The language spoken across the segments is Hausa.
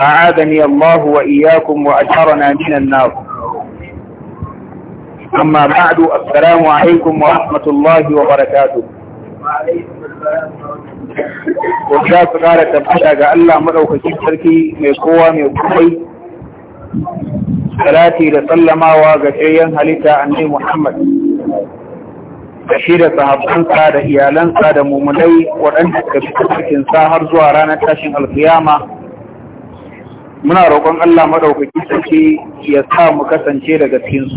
أعاذني الله وإياكم وأجهرنا من النار أما بعد السلام wa ورحمة الله وبركاته Wata su ƙara tabbata ga Allah maɗaukacin sarki mai kowa mai kuɗai, salati da sallamawa ga shayyan halitta annai Muhammad, da shi da sahabbansa da iyalansa da mumunai waɗanda suka fi cikinsa har zuwa ranar tashin alkiyama muna roƙon Allah maɗaukaki sarki ya sa mu kasance daga cikinsu.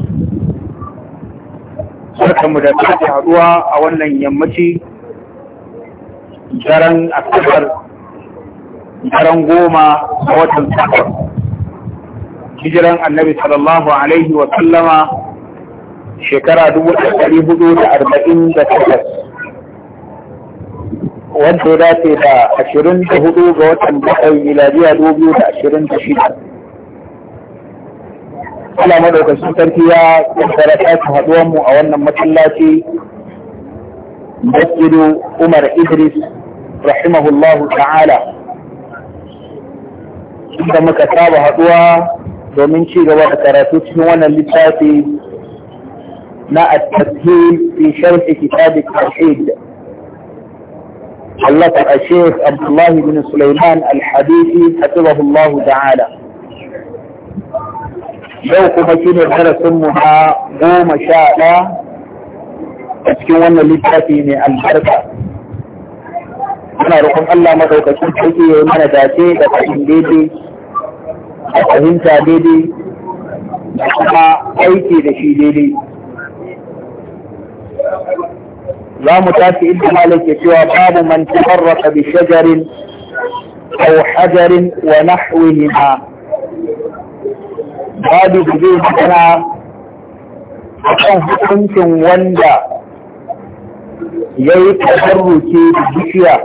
mu da sake haɗuwa a wannan yammaci daren asabar daren goma a watan safar. Hijiran annabi sallallahu Alaihi wasallama shekara dubu ɗari hudu da arba'in da takwas. wanda ya dace da ashirin da hudu ga watan bakwai miladiya dubu biyu da ashirin da shida. Allah madaukakin sarki ya kaddara sake haɗuwar mu a wannan masallaci masjidu Umar Idris rahimahullahu ta'ala inda muka saba haɗuwa domin ci gaba da karatu cikin wannan littafi na at-tashhir fi sharh kitab at-tauhid حلق الشيخ عبد الله بن سليمان الحديثي حفظه الله تعالى yau kuma shi ne mu na goma shaɗa, a cikin wannan littafi mai albarka muna roƙon Allah maɗaukacin sarki ya yi mana dace da fahim daidai da fahimta daidai da kuma aiki da shi daidai za mu tashi inda malik ke cewa babu man tafarraka bi shajarin aw hajarin wa nahwihima babu da zai magana a hukuncin wanda ya yi tafarruke da bishiya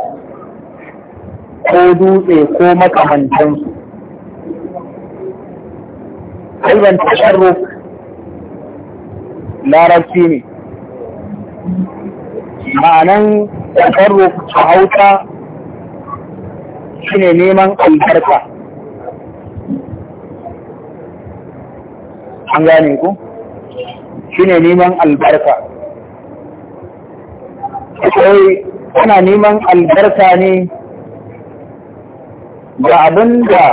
ko dutse ko makamantansu kalban tafarruk larabci ne ma'anan tabarruk a shi shine neman albarka an gane ku shine neman albarka akwai ana neman albarka ne ga abin da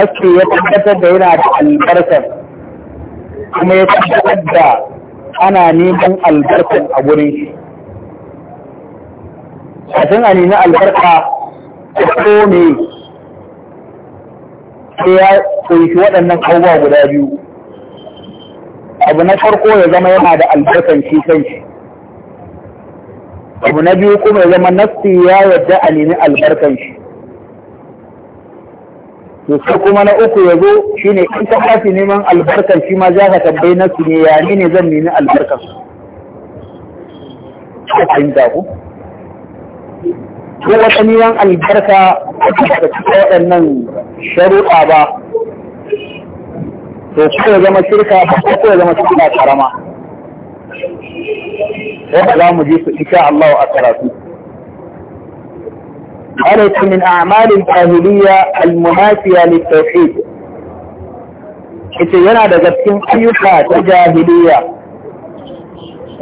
nasu ya tabbatar da yana da albarkar kuma ya tabbatar da ana neman albarkar a wurin shi kafin a nemi albarka ko ne sai ya koyi waɗannan abubuwa guda biyu abu na farko ya zama yana da albarkan shi kan shi abu na biyu kuma ya zama nassi ya yadda a nemi albarkan shi to sai kuma na uku ya zo shine in ka kafi neman albarkar shi ma za ka tambayi na su ne ya ne zan nemi albarkar su ka fahimta ku ko wata neman albarka da cika waɗannan sharuɗa ba to kuma ya zama shirka ba ko ya zama shirka karama wanda za mu je su insha Allah a karatu قالت من أعمال الجاهلية المنافيه للتوحيد حيث ينادى جبتين أيها تجاهلية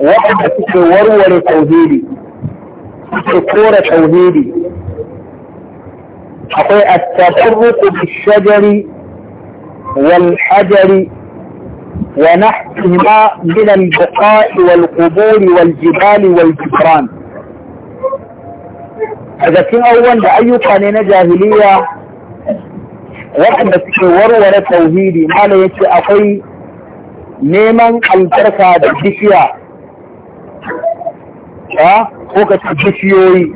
وحدة ورول توهيدي تطور توهيدي أقول التفرق بالشجر والحجر ونحفهما من البقاء والقبور والجبال والجبران daga cikin abubuwan da ayyuka ne na jahiliya waɗanda suke warware tauhidi malam yace akwai neman albarka da bishiya ha ko ka ci bishiyoyi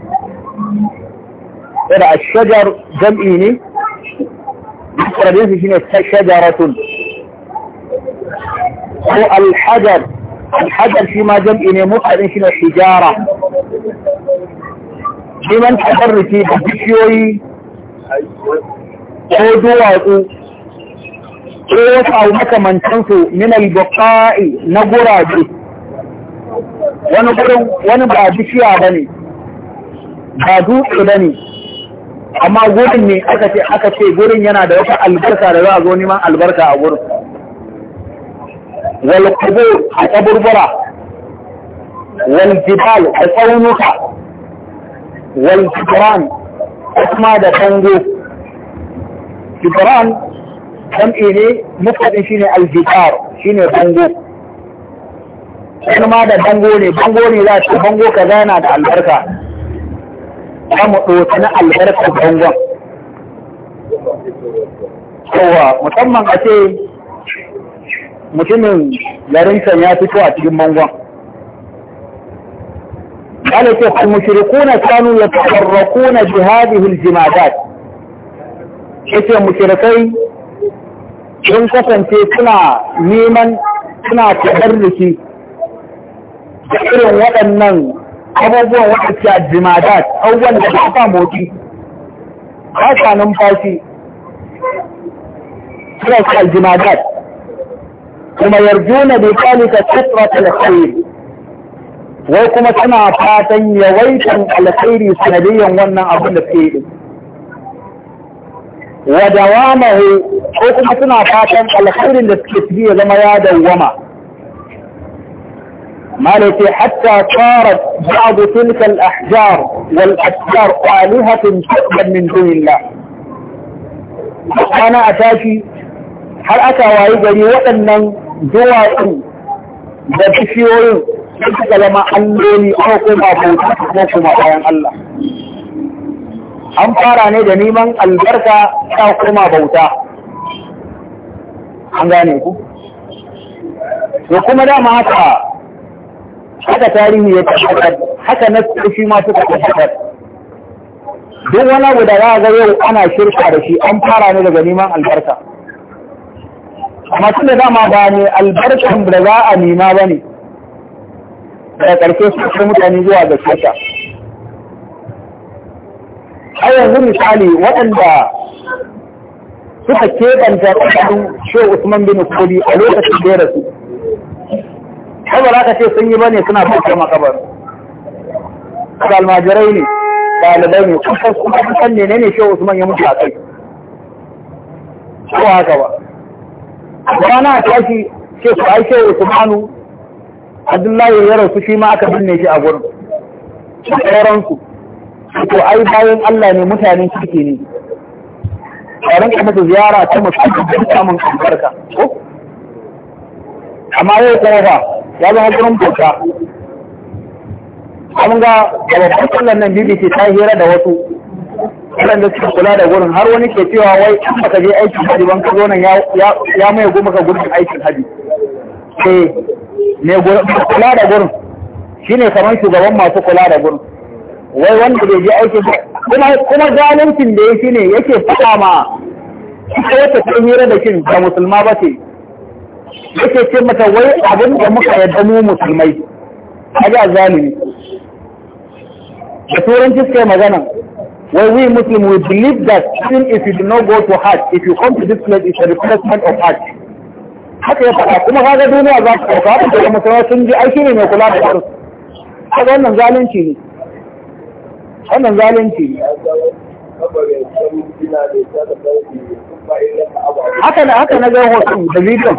yana shajar jam'i ne mukarabinsu shine shajaratun ko alhajar alhajar shi ma jam'i ne mukarabin shine hijara neman tabarruki da bishiyoyi ko duwatsu ko wasu abu makamantansu minal buka'i na gurabe wani ba bishiya ba ne ba dutse ba ne amma gurin ne aka ce aka ce gurin yana da wata albarka da za a zo neman albarka a gurin wal a taburbura wal jibal a tsaunuka Wai jibran kuma da tango jibran kan ne mukaddin shine al-jitar shine tango kuma da bango ne bango ne za ta bango ka gana da albarka za mu ɗauki na albarkar bangon kowa musamman a mutumin garin ya fito a cikin bangon قال شيخ المشركون كانوا يتحركون بهذه الجمادات شيخ المشركين sun kasance suna neman na tabarruki da irin waɗannan abubuwan waɗanda jimadat abubuwan da ba sa motsi ba sa numfashi suna sa jimadat kuma yarjuna bi kalika sifratul khair wai kuma suna fatan yawaitan alkhairi sanadiyyan wannan abin da suke yi wa dawamahu ko kuma suna fatan alkhairin da suke ciki ya zama ya dawama malaki hatta tarat ba'd tilka al-ahjar wal ashjar alihatun tuqbal min dunillah ana ataki har aka wayi gari waɗannan duwatsu da bishiyoyin sun suka zama alloli ko kuma bauta ko kuma bayan Allah an fara ne da neman albarka ta kuma bauta an gane ku Ya kuma dama haka haka tarihi ya tabbatar haka na shi ma suka tabbatar duk wani abu da za ga yau ana shirka da shi an fara ne daga neman albarka amma tun da dama ba ne albarkan da za a nema ba ne daga ƙarshe su kai mutane zuwa ga shasha a yanzu misali waɗanda suka keɓanta ƙasashen shi Usman bin kuli a lokacin da ya rasu kabar aka ce sun yi ba ne suna bauta makabar almajirai ne ɗalibai ne kusan kuma kusan ne ne shi Usman ya mutu a kai ko haka ba rana shi ce su aike Usmanu abdullahi ya rasu shi ma aka binne shi a gurin sauransu to ai bayan Allah ne mutane suke ne a rinka masa ziyara ta masu da samun albarka amma yau kuma ba ya zama gurin bauta an ga babban sallan nan bibi ce ta hira da wasu waɗanda suka kula da gurin har wani ke cewa wai in baka je aikin hajji ban ka zo nan ya mai goma ka gurin aikin hajji eh me kula da gurin shine kamar shugaban masu kula da gurin wai wanda bai je aikin kuma kuma zaluncin da ya ne yake faɗa ma ita wata ta hira da shi ba musulma ba ce yake ce mata wai abin da muka yadda mu musulmai kaga zalimi da turanci suka yi magana wai we muslim we believe that sin if you do not go to heart if you come to this place it's a replacement of heart haka ya faɗa kuma kaga duniya za su ɗauka haka daga musulmai sun ji aiki ne mai kula da ƙarfi haka wannan zalunci ne wannan zalunci ne haka na haka na ga hoton da bidiyon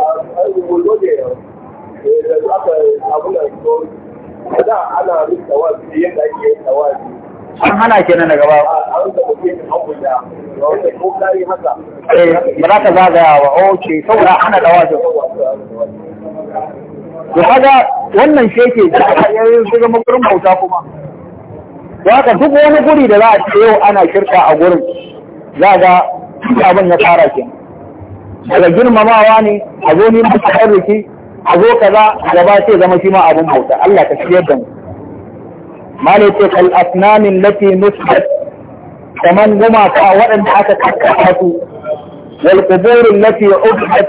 ana ana yin tawazi yadda ake yin tawazi an hana kenan daga ba eh ba za ka zagaya ba ok saura hana da wajen Ya kaga wannan sheke da ya yi shiga makurin bauta kuma Ya ka duk wani guri da za a ce yau ana shirka a gurin za ga abin ya fara ke daga girmamawa ne a zo neman tsarriki a zo kaza gaba sai zama shi ma abin bauta Allah ka shi yadda mu مالك الأسنان التي نسخت ثمان مماتا وإن حتت حتت والقبور التي أبحت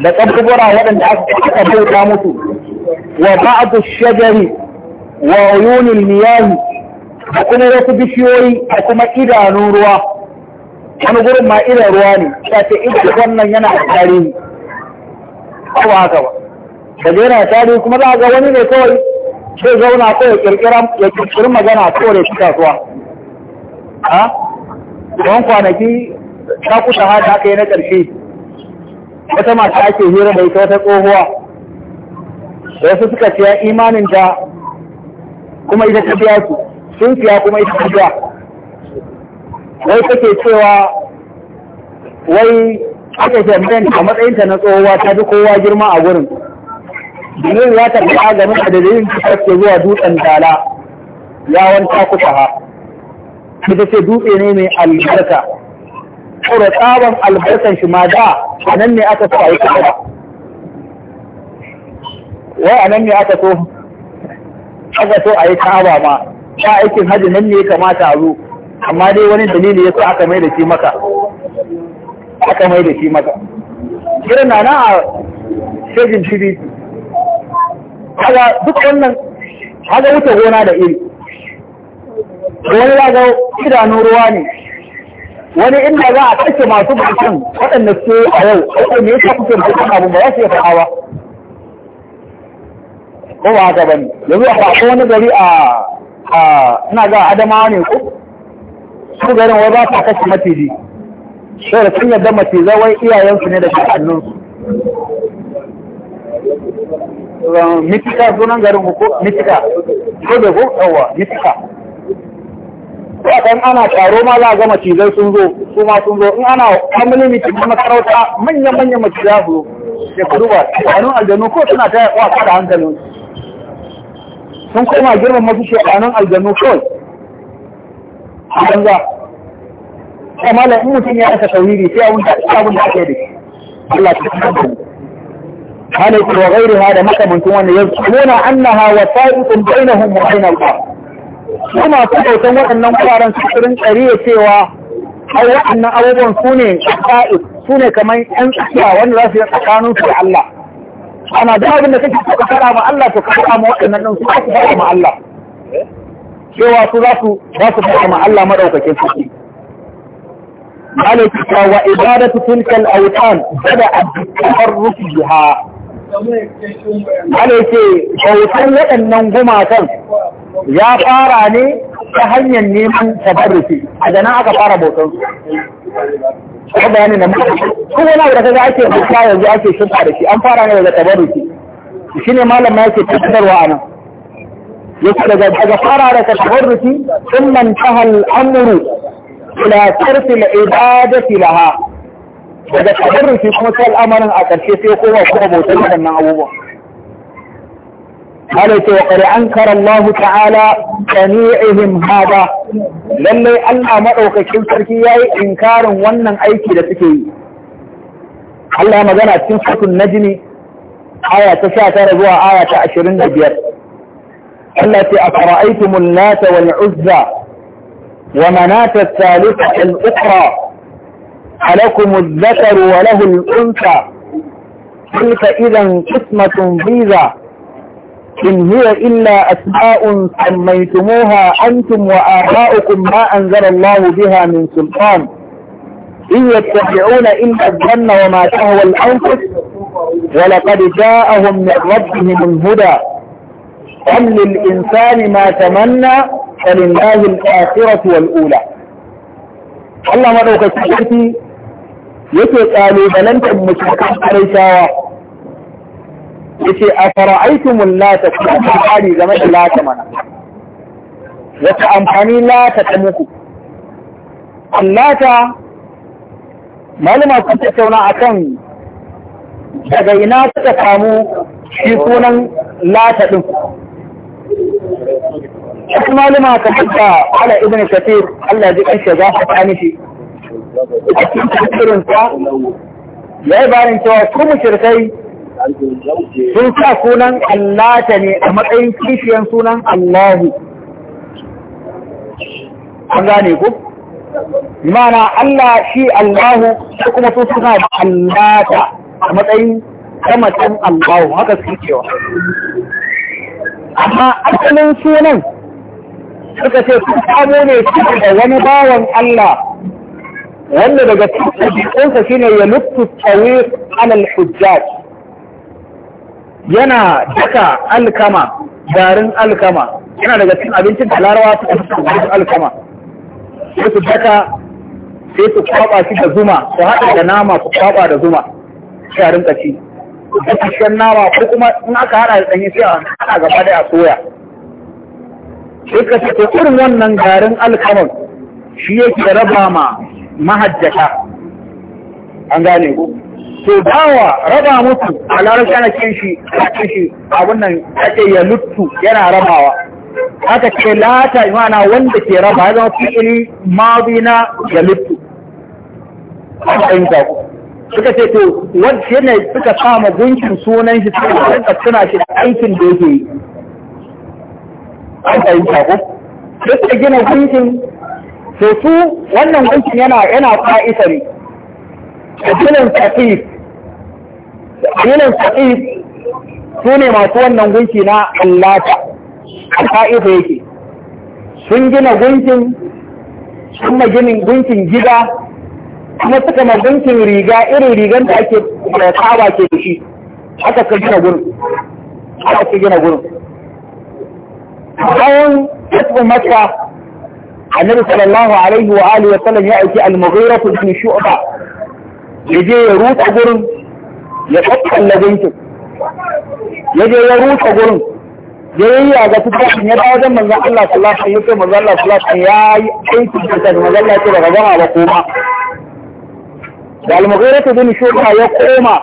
لقد قبرها وإن حتت حتت وبعض الشجر وعيون المياه أكون رأس بشيوري أكون إذا نوروا أنا أقول ما إذا رواني فأتي إذا كنا ينا أحداري أو هكذا فجينا أتاري وكما لا أقواني لكوي zai zauna ko ya kirkiri magana ko da shi kasuwa ha don kwanaki ta kusa hada aka yi na ƙarshe wata mata ake hira da ita wata tsohuwa wasu suka siya imanin ta kuma ita ta biya su sun siya kuma ita ta biya wai take cewa wai aka ce a matsayinta na tsohuwa ta fi kowa girma a gurin domin ya tabbata game da dalilin da sarki zuwa dutsen tala yawon ha. ita ce dutse ne mai albarka da tsaban albarkan shi ma da a nan ne aka so a yi kaba wai a nan ne aka so aka so a yi kaba ma ta aikin hajji nan ne ya kamata a zo amma dai wani dalili ya so aka mai da shi maka aka mai da shi maka irin na na a shagin tv kaga duk wannan kaga wuce gona da iri wani ya ga idanun ruwa ne wani inda za a kashe masu bakin waɗanda su a yau ko me yasa kuke bakin abu ba za su yi faɗa ba ko ba haka bane yanzu a faɗo wani gari a ina ga adama ne ko su garin wai ba ta kashe Sai da sun yadda macizai wai iyayensu ne da hannunsu. Uh, mitika sunan garin ku ko mitika ko da ko yawa mitika ko kan ana taro ma za a gama cizai sun zo su ma sun zo in ana family meeting na makarauta manyan manyan mace za su ke kudu ba tsakanin aljanu ko suna ta wasa da hankali? sun koma girman masu shekanun aljanu ko a banza kamar in mutum ya aka sauriri sai abin da ake da Allah ta kuma hana ku wa gairi ha da makamantin wannan ya nuna annaha wa sa'iqun bainahum wa bainal bar su masu bautan waɗannan wuraren su rin tsariya cewa ai waɗannan abubuwan su ne kamar ƴan tsakiya wanda za su yi tsakanin su da Allah ana da abin da kake so ka faɗa ma Allah to ka waɗannan su za su ma Allah cewa su za su su عليك وإبادة تلك الأوطان بدأت بالتحرك بها Ana ce, bautan waɗannan gumakan ya fara ne ta hanyar neman tabarruki, a aka fara bautan su. bayani na mutu. wani abu da kaga ake bauta yanzu ake shirka da shi, an fara ne daga Shi ne malam ma yake tattarwa a nan. daga daga fara daga tabarruki, sun manta al'amuru ila tarfi laha. daga kadirin shi kuma sai al'amarin a ƙarshe sai koma kuma bautar waɗannan abubuwan قال وقد أنكر الله تعالى صنيعهم هذا للي ألا مدوك كيف إنكار ونن أيكي لتكي ألا مدنى تنسك النجم آية تشاتر بها آية عشرين التي أفرأيتم اللات والعزى ومناة الثالثة الأخرى ألكم الذكر وله الأنثى كيف إذا قسمة ضيزى إن هي إلا أسماء سميتموها أنتم وآباؤكم ما أنزل الله بها من سلطان إن يتبعون إلا الجنة وما تهوى الأنفس ولقد جاءهم من ربهم الهدى قل للإنسان ما تمنى فلله الآخرة والأولى الله مدوك السلطي yake kalubalantar mushrikan Ya ce a fara'aitumul lata kuma hali game da lata mana wata amfani lata ta muku lata, malama sun tattauna akan daga ina suka samu shi sunan lata din Wasu malama kamar da Ala Ibn Kathir Allah ji kanshi za gafarta mishi a cikin tafsirinsa ya yi barin cewa su mushrikai sun sa sunan "Allah ta" ne a matsayin kishiyan sunan "Allah". an gane ku mana allah shi allahu shi kuma sun suna da ta a matsayin kamatan allahu haka su cewa amma asalin sunan suka ce sun samu ne da wani bawan allah wanda daga cikin shine ya luktu tawir alal hujjaj yana daka alkama garin alkama yana daga cikin abincin da larawa suka fi garin alkama sai su daka sai su kwaba shi da zuma su haɗa da nama su kwaba da zuma sai a rinka ci gaskiyar nama ko kuma in aka haɗa da ɗanyen sai a haɗa gaba da a soya sai ka ce irin wannan garin alkama shi yake raba ma mahajjata an gane ku to dawa raba mutu a larabci ana cin shi a cin shi abin nan ake ya luttu yana rabawa aka ce lata imana wanda ke raba ya zama fi'ili mazi na ya luttu a ɗan ku suka ce to wanda shi ne suka sama gunkin sunan shi suka suna shi aikin da yake yi an ɗan ku sai suka gina gunkin to su wannan gunkin yana yana ne. kabilan saqif kabilan saqif su ne masu wannan gunki na allata a fa'ifa yake sun gina gunkin sun na ginin gunkin gida kuma suka ma gunkin riga irin rigan da ake tsaba ke da shi aka ka gina gurin aka ka gina gurin bayan tasbin masa annabi sallallahu alaihi wa alihi wa sallam ya aiki al-mughira bin shu'ba yaje ya rusa gurin ya kakkalla gunkin yaje ya rusa gurin ya yi ya ga tufafin ya dawo wajen manzon Allah sallallahu alaihi wa sallam manzon Allah sallallahu alaihi ya yi aiki da manzon Allah ya ce daga gama ba koma da al-mughira bin shu'ba ya koma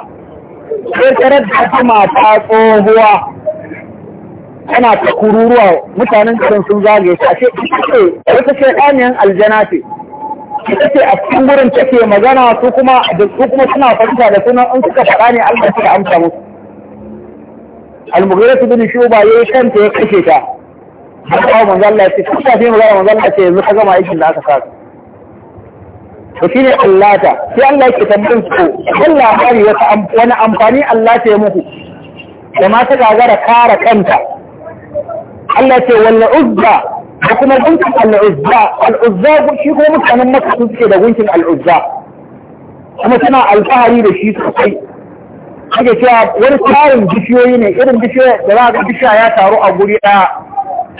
sai tarar da mata tsohuwa ana ta kururuwa mutanen cikin sun zage ta ce wata ce ɗaniyan aljana ce ita ce a cikin gurin take magana su kuma da su kuma suna fahimta da sunan in suka faɗa ne Allah ta amsa musu al-mughira bin shuba yayi kanta ya kashe ta har kawo manzo Allah ya ce ta sai magana manzo Allah ce yanzu ka gama aikin da aka saka to shine Allah ta sai Allah yake tambayin su Allah labari wata wani amfani Allah ta ya muku da ma ta gagara kare kanta Allah ce wanne uzza da kuma gunkin al al'uzza, shi ko mutanen maka su suke da gunkin al'uzza? kuma suna alfahari da shi sosai kake cewa wani tsarin bishiyoyi ne irin bishiyoyi da za ga bishiya ya taru a guri ɗaya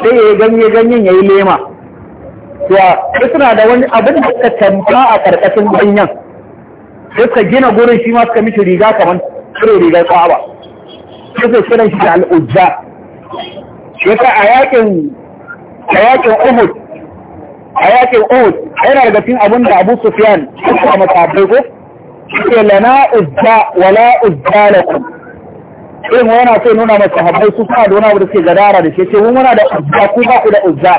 sai ya yi ganye ganyen ya yi lema to suna da wani abin da suka tamfa a karkashin ganyen suka gina gurin shi ma suka mishi riga kamar cire rigar kwaba suka shirin shi da al'uzza. yasa a yakin a yakin Uhud a yakin Uhud yana daga cikin abin da Abu Sufyan ya masabai ko Suke lana uzza wala uzza lakum in yana so nuna masa habbai su fa dona da suke gadara da shi ce mun muna da uzza ku ba ku da uzza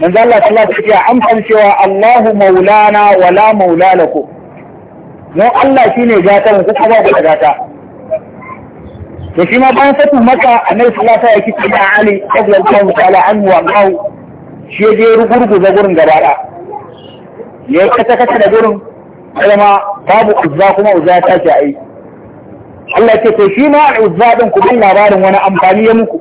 manzo Allah sallallahu alaihi wasallam amsan cewa Allahu maulana wala maula lakum mu Allah ne gatan ku ba ku da gata to shi ma bayan fatu maka annabi sallallahu alaihi wasallam ya kike Ali radiyallahu ta'ala anhu wa ma'u shi je rugurguza gurin gaba da ya kata kata da gurin kuma babu uzza kuma uzza ta ce ai Allah ce to shi ma uzza din ku bin labarin wani amfani ya muku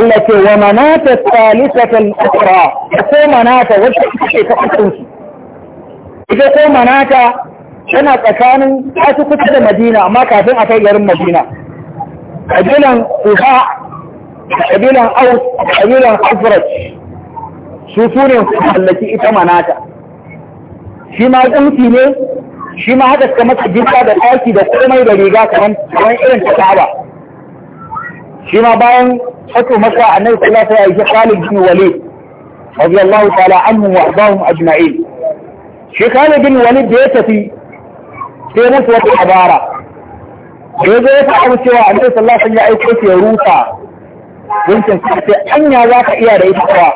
Allah ce wa manata salisatal ukhra ko manata wacce kike ta kunsu ita ko manata tana tsakanin ta kusa da Madina amma kafin a kai garin Madina kabilan kuha kabilan aus kabilan afraj su su ne su mallaki ita manata shi ma tsunki ne shi ma haka suka masa jirka da ɗaki da komai da riga kamar irin ta saba shi ma bayan fato masa annabi sallallahu alaihi wasallam ya ji Khalid bin Walid radiyallahu ta'ala anhu wa ardahum ajma'in shi Khalid bin Walid da ya tafi sai musu wata abara da zai zo ya cewa a sai sallah sun ya aiko ke rufa gunkin sai ce anya za ka iya da ita kuwa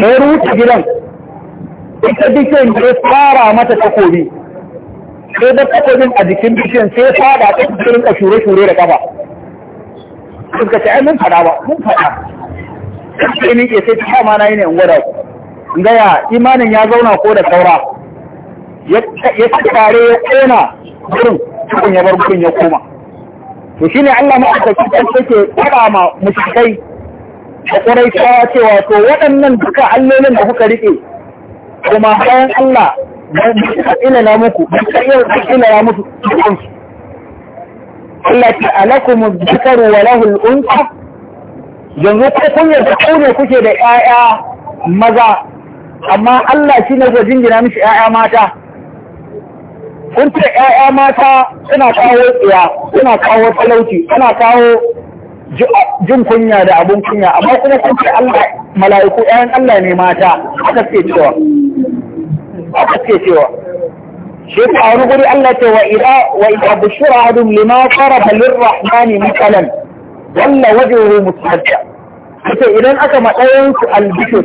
sai rufe gidan ita bishiyan ya fara mata takobi sai da takobin a jikin bishiyan sai fada ta cikin ka shure-shure da kafa suka ce ai mun faɗa ba mun faɗa sai ni ke sai ta kama na yi ne in gwada gaya imanin ya zauna ko da saura ya tsare ya kona gurin cikin ya bar gudun ya koma to ne Allah ma aka ci kan take fara ma mushrikai da Quraishawa cewa to waɗannan duka allolin da kuka rike kuma bayan Allah ila na muku duka yau ina ya mutu kansu Allah ta alakum dhakaru wa lahul al yanzu ko kun yarda ko ne kuke da ƴaƴa maza amma Allah shi ne gwajin gina mishi ƴaƴa mata kun ce ‘ya'ya mata suna kawo tsiya suna kawo talauci suna kawo jin kunya da abun kunya amma kuma kun ce Allah mala'iku ‘ya'yan Allah ne mata aka ce cewa aka ce cewa shi ta wani guri Allah ce wa ila wa ila bushura adum lima farada lirrahmani matalan walla wajhuhu mutahadda kace idan aka matsayin su albishir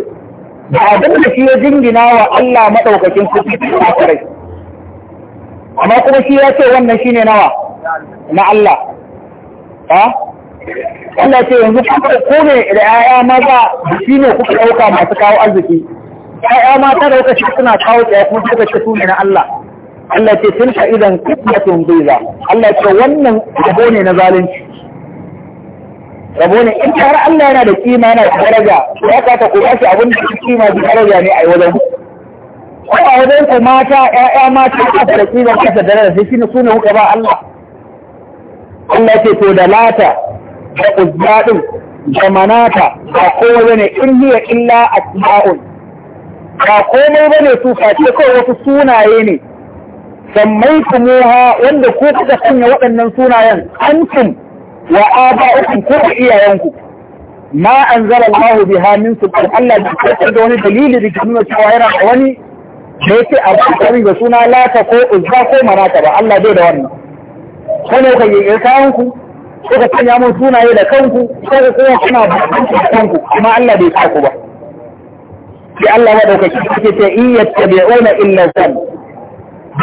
da abin da shi ya jingina wa Allah madaukakin kuɗi a kare amma kuma shi ya ce wannan shine nawa na Allah ha Allah ce yanzu ko ne da 'ya'ya maza shi ne kuka ɗauka masu kawo arziki ƴaƴa mata da kuka suna kawo tsaya kuma kuka ce su ne na Allah Allah ce tun ka idan kutmatun biza Allah ce wannan rabo ne na zalunci rabo ne in har Allah yana da kima yana da daraja ya kata ku ba shi abin da kima da daraja ne a yi wajen ko a wajen mata ƴaƴa mata aka da kila kasa da rana sai ne sunan kuka ba Allah Allah ce to da lata da uzza din da manata ba kowa ne in hiya illa asma'un ba komai bane su face kawai wasu sunaye ne sammai kumuha wanda ko kuka sanya waɗannan sunayen antum wa aba'ukum ko iyayenku ma anzala Allah biha min sultan Allah da da wani dalili da kuma cewa wani da ya ce abu da suna lata ko uzza ko manata ba Allah bai da wannan ko ne yi yayin kanku ko ka sanya mun sunaye da kanku ko ka kuma kuna da kanku kuma Allah bai sa ku ba sai Allah ya dauka shi yake ce in yattabi'una illa zan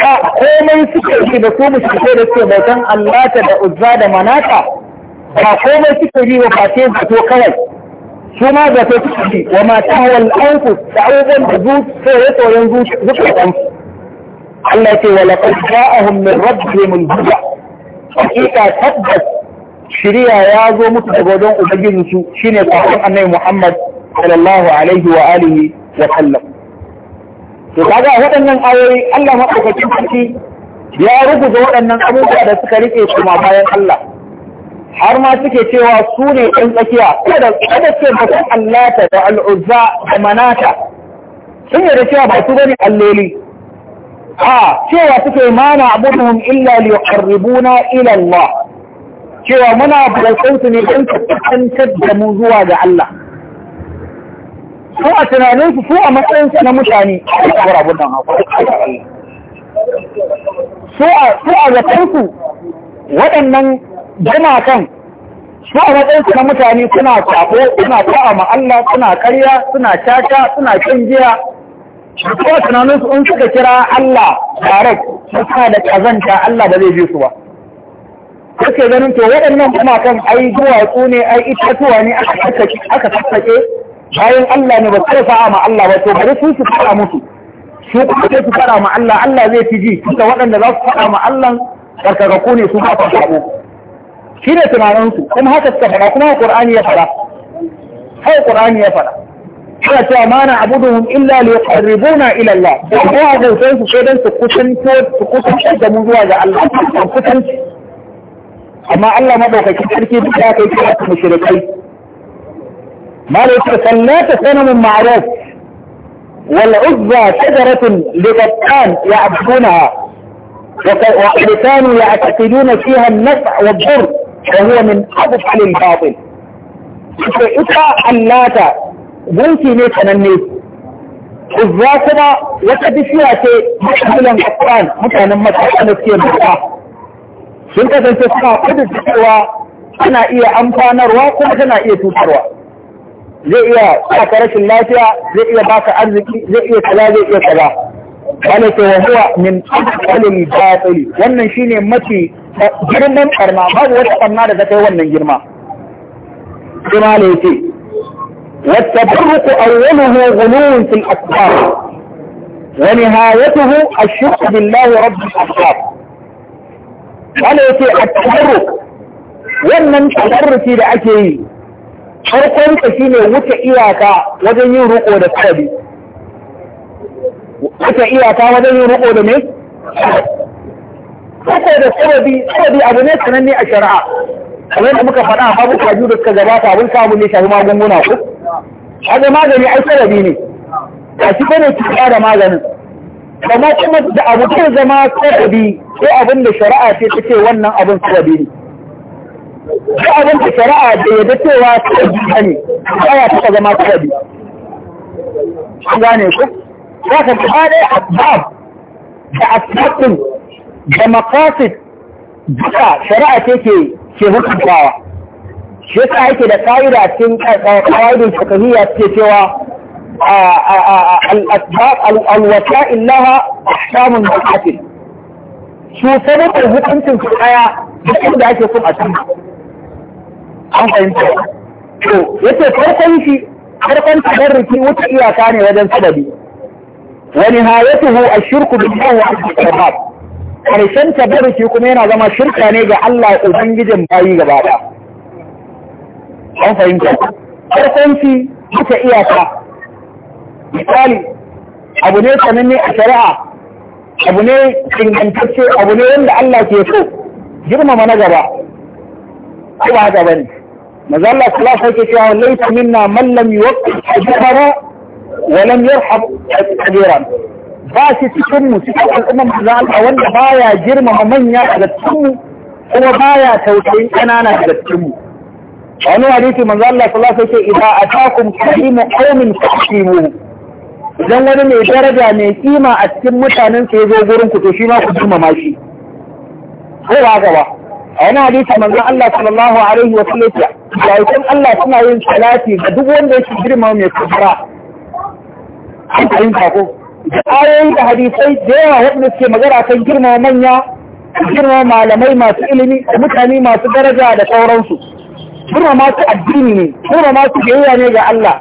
ba komai suke yi da su mushrike da suke bautan Allah ta da uzza da manata ba komai suke yi ba face zato kawai su ma da ta ciki wa ma tawal anku da abubuwan da zuciya tsoron zuciya ɗan Allah ce wa laqad ja'ahum min rabbihim al-huda hakika tabbas shirya ya zo musu daga wajen ubangijin su shine sahabban annabi Muhammad sallallahu alaihi wa alihi wa sallam to kaga waɗannan ayoyi Allah madaukakin sarki ya rubuta waɗannan abubuwa da suka rike kuma bayan Allah har ma suke cewa su ne ɗan tsakiya kada kada ce ba san allata da al'uzza da manata sun yi da cewa ba su bane alloli a cewa suke mana abubuwan illa li yuqarribuna ila Allah cewa muna bautar su ne don tantar da mu zuwa ga Allah su a tunanin su su a matsayin su na mutane a kawar abun nan su a zaton su waɗannan yana kan su a matsayinsu na mutane suna kwafo suna kwa'a ma Allah suna karya suna caca suna cin giya kuma tunaninsu in suka kira Allah direct su suna da kazanta Allah ba zai ji su ba kake ganin to waɗannan kuma kan ai duwatsu ne ai itatuwa ne aka sassake bayan Allah ne ba su fa'a ma Allah ba to bari su su fara musu su kuma sai su fara ma Allah Allah zai fi ji tunda waɗanda za su fara ma Allah karkakaku ne su ba su shi ne tunaninsu kuma haka suka faɗa kuma ƙur'ani ya faɗa haka ƙur'ani ya faɗa suna cewa mana na abuduhum illa li yuqarribuna ila Allah ko a gautar su sai dan su kusanto su kusanto da mu zuwa ga Allah su kusanci amma Allah madaukakin sarki duk ya kai kira su mushrikai malai ta sallata sanamun ma'ruf wal uzza shajaratun liqatan ya'budunaha وكانوا يعتقدون فيها النفع والضر wa huwa min abtal al-batil to ita allata gunki ne sananne uzza kuma wata bishiya ce mutanen Qur'an mutanen Makka da suke bauta sun kasance suna kudin cewa tana iya amfanarwa kuma tana iya tutarwa zai iya saka rashin lafiya zai iya baka arziki zai iya kaza zai iya kaza ولكن هو من أفضل الباطل وأن شيني متي جرمان أرنا ما هو أرنا لذلك هو أن جرما كما ليتي والتبرك أوله غلو في الأكبار ونهايته الشرق بالله رب الأكبار ولكن التبرك وأن تبرك لأكيه شرق أنت شيني متعيك وجنيه رقودة كبير aka iyaka wajen yin ruko da me Ruko da sababi sababi abu ne sananne a shari'a kamar da muka faɗa babu kaju da suka gabata abin samun ne shafi magunguna ko haka magani ai sababi ne a shi bane cuta da maganin amma kuma da abu ke zama sababi ko abin da shari'a ce ta ce wannan abin sababi ne ko abin da shari'a da yadda cewa sababi ne ta ya ta zama sababi an gane ku za ka gaba ɗaya asbab da asbabin da makasid duka shari'a ce ke ke hukuntawa shi yasa ake da ƙa'ida cikin ƙa'idun fakahiyya suke cewa al-asbab al-wasa'il laha ahkamun makasid su saboda hukuncin su ɗaya duk da ake kun a cimma an fahimta to yace farkon shi farkon tabarruki wuce iyaka ne wajen sababi wani hayatuhu a shirku billahi wa karshen tabarruki kuma yana zama shirka ne ga Allah ubangijin bayi gaba da an fahimta farkonci duka iyaka misali abu ne sananne a shari'a abu ne ingantacce abu ne wanda Allah ke so girmama na gaba ko ba haka bane manzo Allah sallallahu alaihi cewa laita minna man lam yuwaqqi ajara walam yarham kabiran ba shi cikin cikin al'umma manzon Allah wanda baya girmama manya daga cikin mu kuma baya tausayin kanana daga cikin mu wani hadisi manzo Allah sallallahu alaihi wasallam idan atakum karimu qaumin fasimu idan wani mai daraja mai ƙima a cikin mutanen sa yazo gurin ku to shi ma ku girmama shi ko ba ga a wani hadisi manzo Allah sallallahu alaihi wasallam ya ce suna yin salati ga duk wanda yake girmama mai kubra an fahimta ko da ayoyi da hadisai da yawa waɗanda suke magana kan girma manya girma malamai masu ilimi da mutane masu daraja da sauransu girma masu addini ne girma masu biyayya ne ga Allah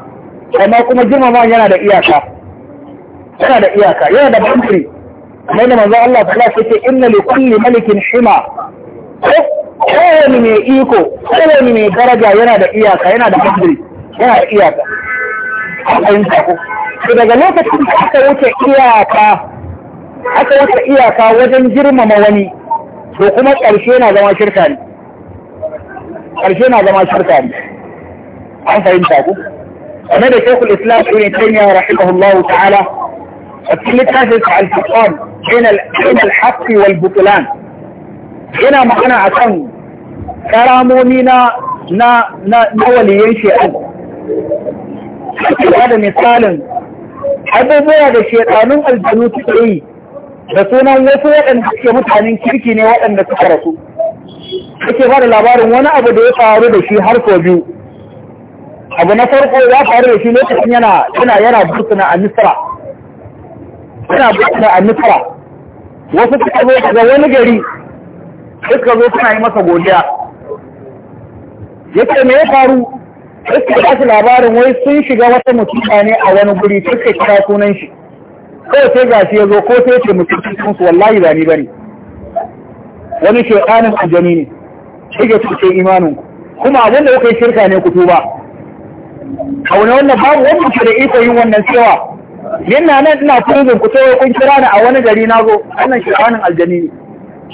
amma kuma girma ma yana da iyaka yana da iyaka yana da bambari kamar da manzo Allah ta lafi ce inna li kulli malikin hima kowane mai iko kowane mai daraja yana da iyaka yana da bambari yana da iyaka an fahimta ko to daga lokacin da aka wuce iyaka aka wuce iyaka wajen girmama wani to kuma ƙarshe na zama shirka ne ƙarshe na zama shirka ne an fahimta ku game da shekul islam ibn taymiya rahimahullahu ta'ala a cikin littafin sa al-fiqhan bain al-haqq wal butlan yana magana akan karamomi na na na waliyan shi'a da misalin abubuwa da shekarun aljanu suka yi da sunan wasu waɗanda suke mutanen kirki ne waɗanda suka rasu suke fara labarin wani abu da ya faru da shi har sau biyu abu na farko ya faru da shi lokacin yana yana yana burtuna a nisra yana burtuna a nisra wasu suka zo daga wani gari suka zo suna yi masa godiya yake me ya faru suka ba su labarin wai sun shiga wata musiba ne a wani guri suka kira sunan shi kawai sai ga shi ya zo ko sai ce mutum su wallahi ba ni bane wani shaytanin ajami ne ga cuce imanin kuma abinda kuka yi shirka ne ku tuba a wani wannan babu wani mutum da iko yin wannan cewa yana nan ina turbin ku sai kun kira ni a wani gari na zo wannan shaytanin aljani ne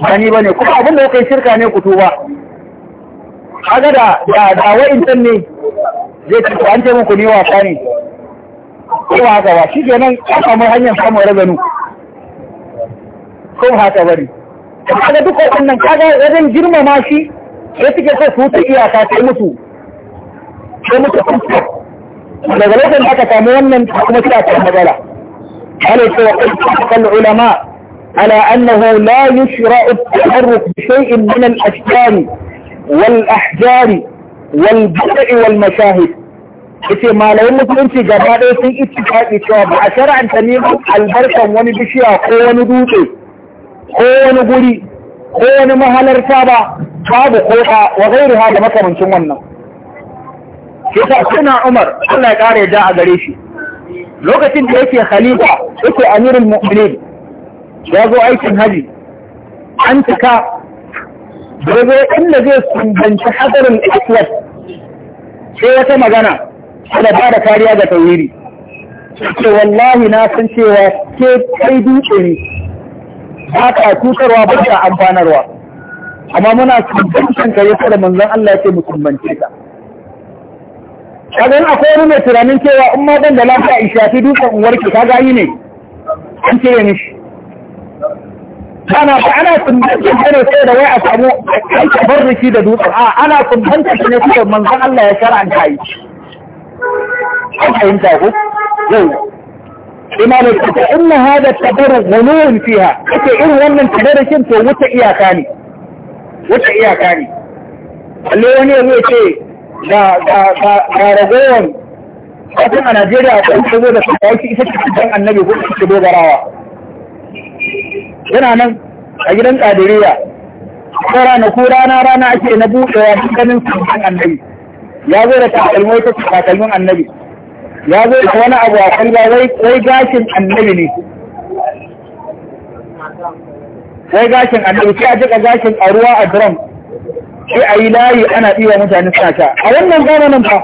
ba ni bane kuma abinda kuka yi shirka ne ku tuba kaga da da wa'in ne zai ce an ce muku ni wasa ne ko haka ba shi kenan an samu hanyar samun razanu ko haka bari kaga duk wannan kaga wajen girmama shi sai suke so su wuce iyaka sai mutu sai mutu fuska daga lokacin da aka samu wannan kuma suna ta matsala ana cewa kan ulama على أنه لا يشرع التحرك بشيء من الأشكال والأحجار والبدع والمشاهد yace malamin musulunci gaba ɗaya sun ittifaqi cewa ba a shara'anta neman albarkan wani bishiya ko wani dutse ko wani guri ko wani mahalarta ba babu ko ba wa gairuha da makamancin wannan kisa suna Umar Allah ya kare a gare shi lokacin da yake khalifa yake amirin mu'minin ya zo aikin haji an cika da inda zai sumbanci hadarin aswad sai wata magana suna ba da kariya ga tauriri ce wallahi na san cewa ke kai dutse ne ba ka cutarwa ba ka amfanarwa amma muna kudantan kare yasa da manzan Allah ya ce musulmanci ka kaga akwai wani mai tunanin cewa in ma dan da lafiya in shafi dutsen in warke Ta gani ne an cire mishi ana ba ana kudantan ka ne sai da wai a samu aikin da da dutsen a ana kudantan shi ne kuma manzan Allah ya shar'anta yi an fahimta ku yau imanin ta inna hada tabarru mulun fiha kace irin wannan tabarrukin to wuta iyaka ne wuta iyaka ne alle wani ya ce ga ga ga ragowan kafin a Najeriya a kan shigo da isa cikin dan annabi ko cikin dogarawa yana nan a gidan kadiriya ko rana ko rana rana ake na buɗewa don ganin sun annabi ya zo da takalmai ta takalmin annabi ya zo da wani abu a kwalba wai gashin annabi ne wai gashin annabi sai a jika gashin a ruwa a drum sai a yi layi ana iya mutane suna sha a wannan zamanin ba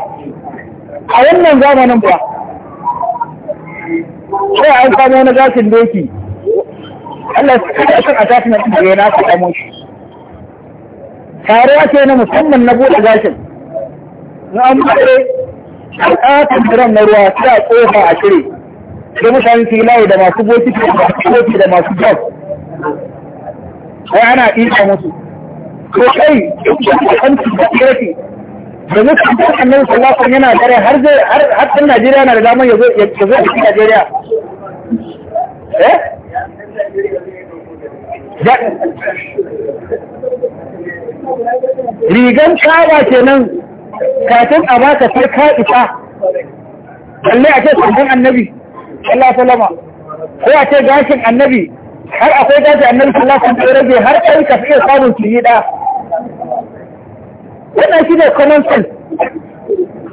a wannan zamanin ba sai an samu wani gashin doki Allah su kada kan a tafi na da ya nasu amo shi taruwa ce na musamman na buɗe gashin na an bude eh. al'atan biran na ruwa ta a tsofa a cire da mutane filaye da masu goci da masu boki da masu job wai ana ɗiƙa musu ko kai da kan security da mutum da annabi sallallahu alaihi yana dare har zai har Najeriya na da damar ya zo ya zo a Najeriya eh rigan kawa kenan kafin a baka sai ka isa balle a ce sandan annabi Allah salama ko a ce gashin annabi har akwai gashin annabi sallallahu alaihi rage har kai ka fi samun yi da wannan shi ne common sense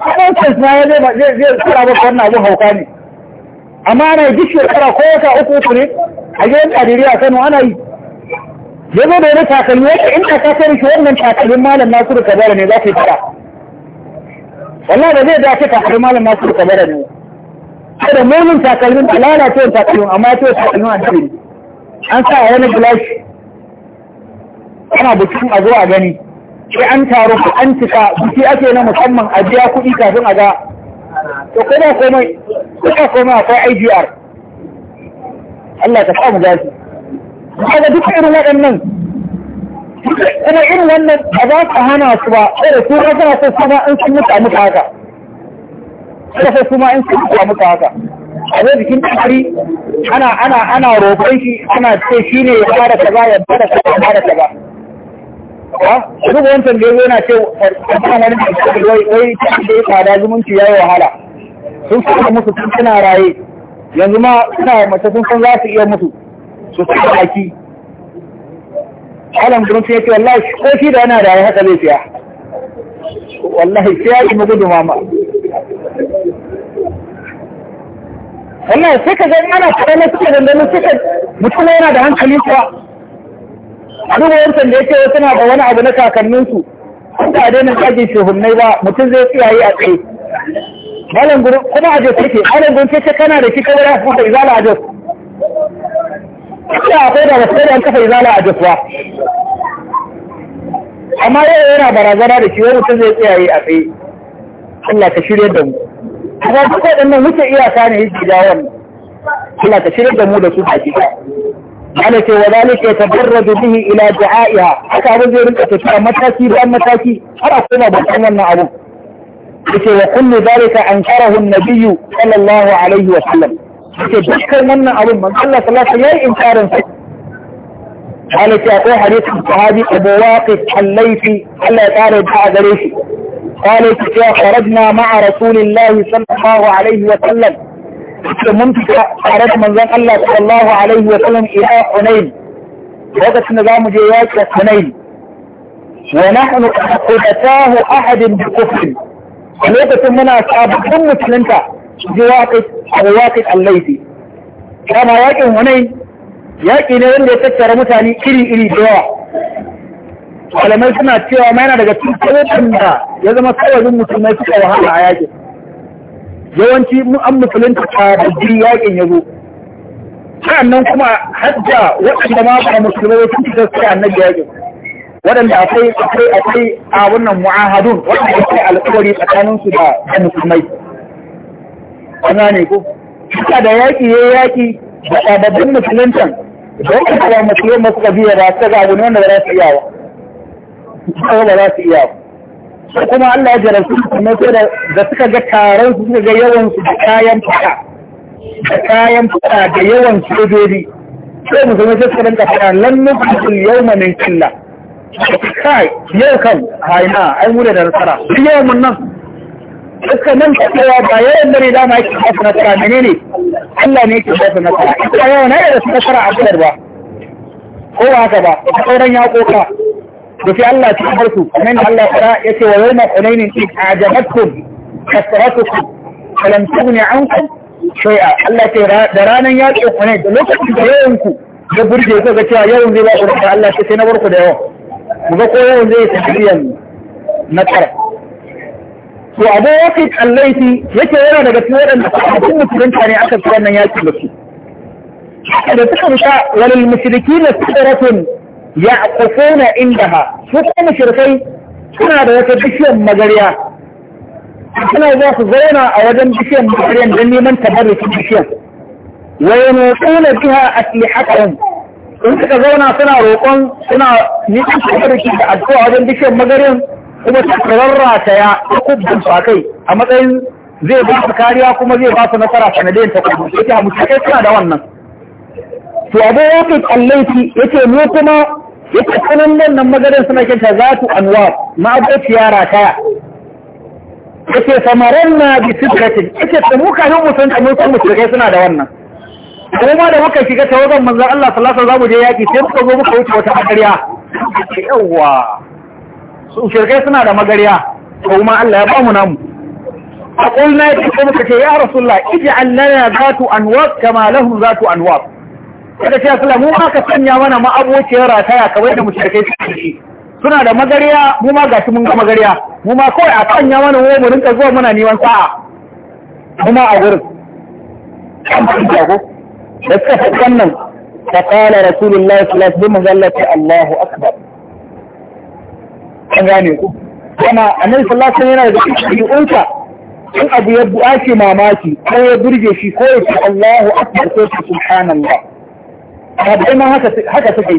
common sense na zai zai tsara ba wannan abu hauka ne amma ana yi duk shekara ko wata uku uku ne a gidan kadiri a Kano ana yi ya zo da wani takalmi wata in ka sani shi wannan takalmin malam Nasiru Kabara ne za ta yi fara wallahi da zai dace takalmin malam masu ka bada ne sai da munin takalmin da lalacewar takalmin amma ya ta takalmin a cikin an sa a wani gilashi ana bikin a zo a gani sai an taro ko an cika biki ake na musamman a biya kuɗi kafin a ga to kuma komai kuma komai akwai IGR Allah ka samu gashi kaga duk irin waɗannan kuma irin wannan ba za ka hana su ba sai su ka kana so su ma in sun mutu a mutu haka sai sai su ma in sun mutu a mutu haka a zai bikin tsari ana ana ana roƙon shi ana ce shi ne ya da kaza ya bada kaza ya da kaza ha duk wancan da yazo na ce kan wani da wai wai da ya fada zumunci ya yi wahala sun fara musu sun suna raye yanzu ma suna mace sun san za su iya mutu su saka baki alam gurin sai ya ce wallahi ko shi da yana da ya haka zai siya wallahi sai ya yi gudu mama wallahi sai ka zai ana kare na suka dandamin suka mutum yana da hankali kuwa a duba wancan da ya ce wasu na da wani abu na kakanninsu ko da daina tsagin shehunnai ba mutum zai tsiyaye a tsaye malam gurin kuma a jos yake malam gurin sai kana da shi kawai ya fi izala a jos ina akwai da wasu da kafa izala a jiswa amma yau yana barazana da shi wani mutum zai tsayaye a tsaye Allah ka shirya da mu amma duk waɗannan wuce iyaka ne yake da wannan Allah ka shirya da mu da su baki ana ce wa zalika yatabarradu bihi ila du'a'iha haka abin zai rinka tafiya mataki bayan mataki har a koma bakan wannan abun yace wa kullu zalika ankarahu an-nabiyyu sallallahu alaihi wa sallam yake dukkan wannan abin man Allah sallallahu alaihi wasallam inkarin sa halaki akwai hadisin sahabi Abu Waqid al-Laythi Allah ya kare da gare shi قال يا خرجنا مع رسول الله صلى الله عليه وسلم mun fita tare da manzon Allah sallallahu alaihi wa sallam ila Hunain lokacin da zamu je yaƙi Hunain wa nahnu qadatahu ahad bi kufr lokacin muna sabbin mutunta je yaƙi al-waqid al-laythi kama yakin hunay yaki ne wanda ya tattara mutane iri iri da yawa malamai suna cewa ma yana daga cikin tsohon da ya zama tsawarin musulmai suka wahala a yakin yawanci an musulunta ta da jiri yakin ya zo sa'annan kuma hajja waɗanda ma ba musulmai wasu cikin sai annabi yakin waɗanda akwai akwai akwai a wannan mu'ahadun waɗanda akwai alƙawari tsakaninsu da musulmai kwana ne ko haka da yaƙi ya yaƙi da sababbin musulunta da wata kawo musulun masu kabiya ba ta gabu ne wanda ba za su iya ba ba za su iya ba kuma Allah ya su kuma sai da suka ga taron su suka ga yawan su da kayan fuka da kayan fuka da yawan sojoji sai musulmi sai suka rinka fada lan nufasul yawma min killa kai yau kan haina ai mu da nasara yau mun nan Iska nan ka tsawa ba yawan dare dama yake ba nasara mene ne? Allah ne yake ba nasara. Iska yawan na yadda su nasara a kular ba. Ko ba haka ba, a sauran ya koka. Da fi Allah ta kamar su, kamar da Allah fara ya ce wa yau na ƙunainin ɗin a jabatkum, kalan kalamtum ne an kun a Allah ce da ranar ya ce ƙunai da lokacin da yawan ku ya burge ku ga cewa yawan zai ba ku Allah ce sai na barku da yawan. Mu ga ko yawan zai yi tafiyan na to abu wafi kallaifi yake yana daga cikin waɗanda sabbin musulunta ne aka fi wannan yaki da su da suka rusa walil mushriki na sadaratun ya kofona inda ha su kuma mushrikai suna da wata bishiyar magariya suna za su zauna a wajen bishiyar magariyar don neman tabarrukin bishiyar Wai wa kuna biha aslihatahum in suka zauna suna roƙon suna nisan tabarruki da addu'a wajen bishiyar magariyar kuma ta ta ya kubban su a kai a matsayin zai ba su kariya kuma zai ba su nasara sanadiyar ta kudu. yake hamu ta kai suna da wannan to abu ya fi tsallaiti yake ne kuma yake sanan nan nan magadan suna kyanta za tu anwa ma'abociya rataya yake samaran na bi sidratin yake ta mu yi musan ta kamar musulkai suna da wannan kuma da muka shiga ta wajen manzon Allah sallallahu alaihi wasallam zamu je yaki sai muka zo muka wuce wata akarya yawwa su shirkai suna da magariya ko kuma Allah ya bamu namu a kulna yake ko muka ce ya rasulullah ij'al allana zatu anwaq kama lahum zatu anwaq kada ce Allah mu aka sanya mana ma abociyar rataya kamar da mushrikai suke suna da magariya mu ma gashi mun ga magariya mu ma kawai a sanya mana mu mu rinka zuwa muna niwan sa'a mu ma a gurin kan ba ko da suka fi wannan فقال رسول الله صلى الله عليه وسلم الله أكبر an gane ku kuma annabi sallallahu alaihi yana da ɗabi'unsa in abu ya buƙaci mamaki ko ya burge shi ko ya ce Allahu akbar ko subhanallah ma haka haka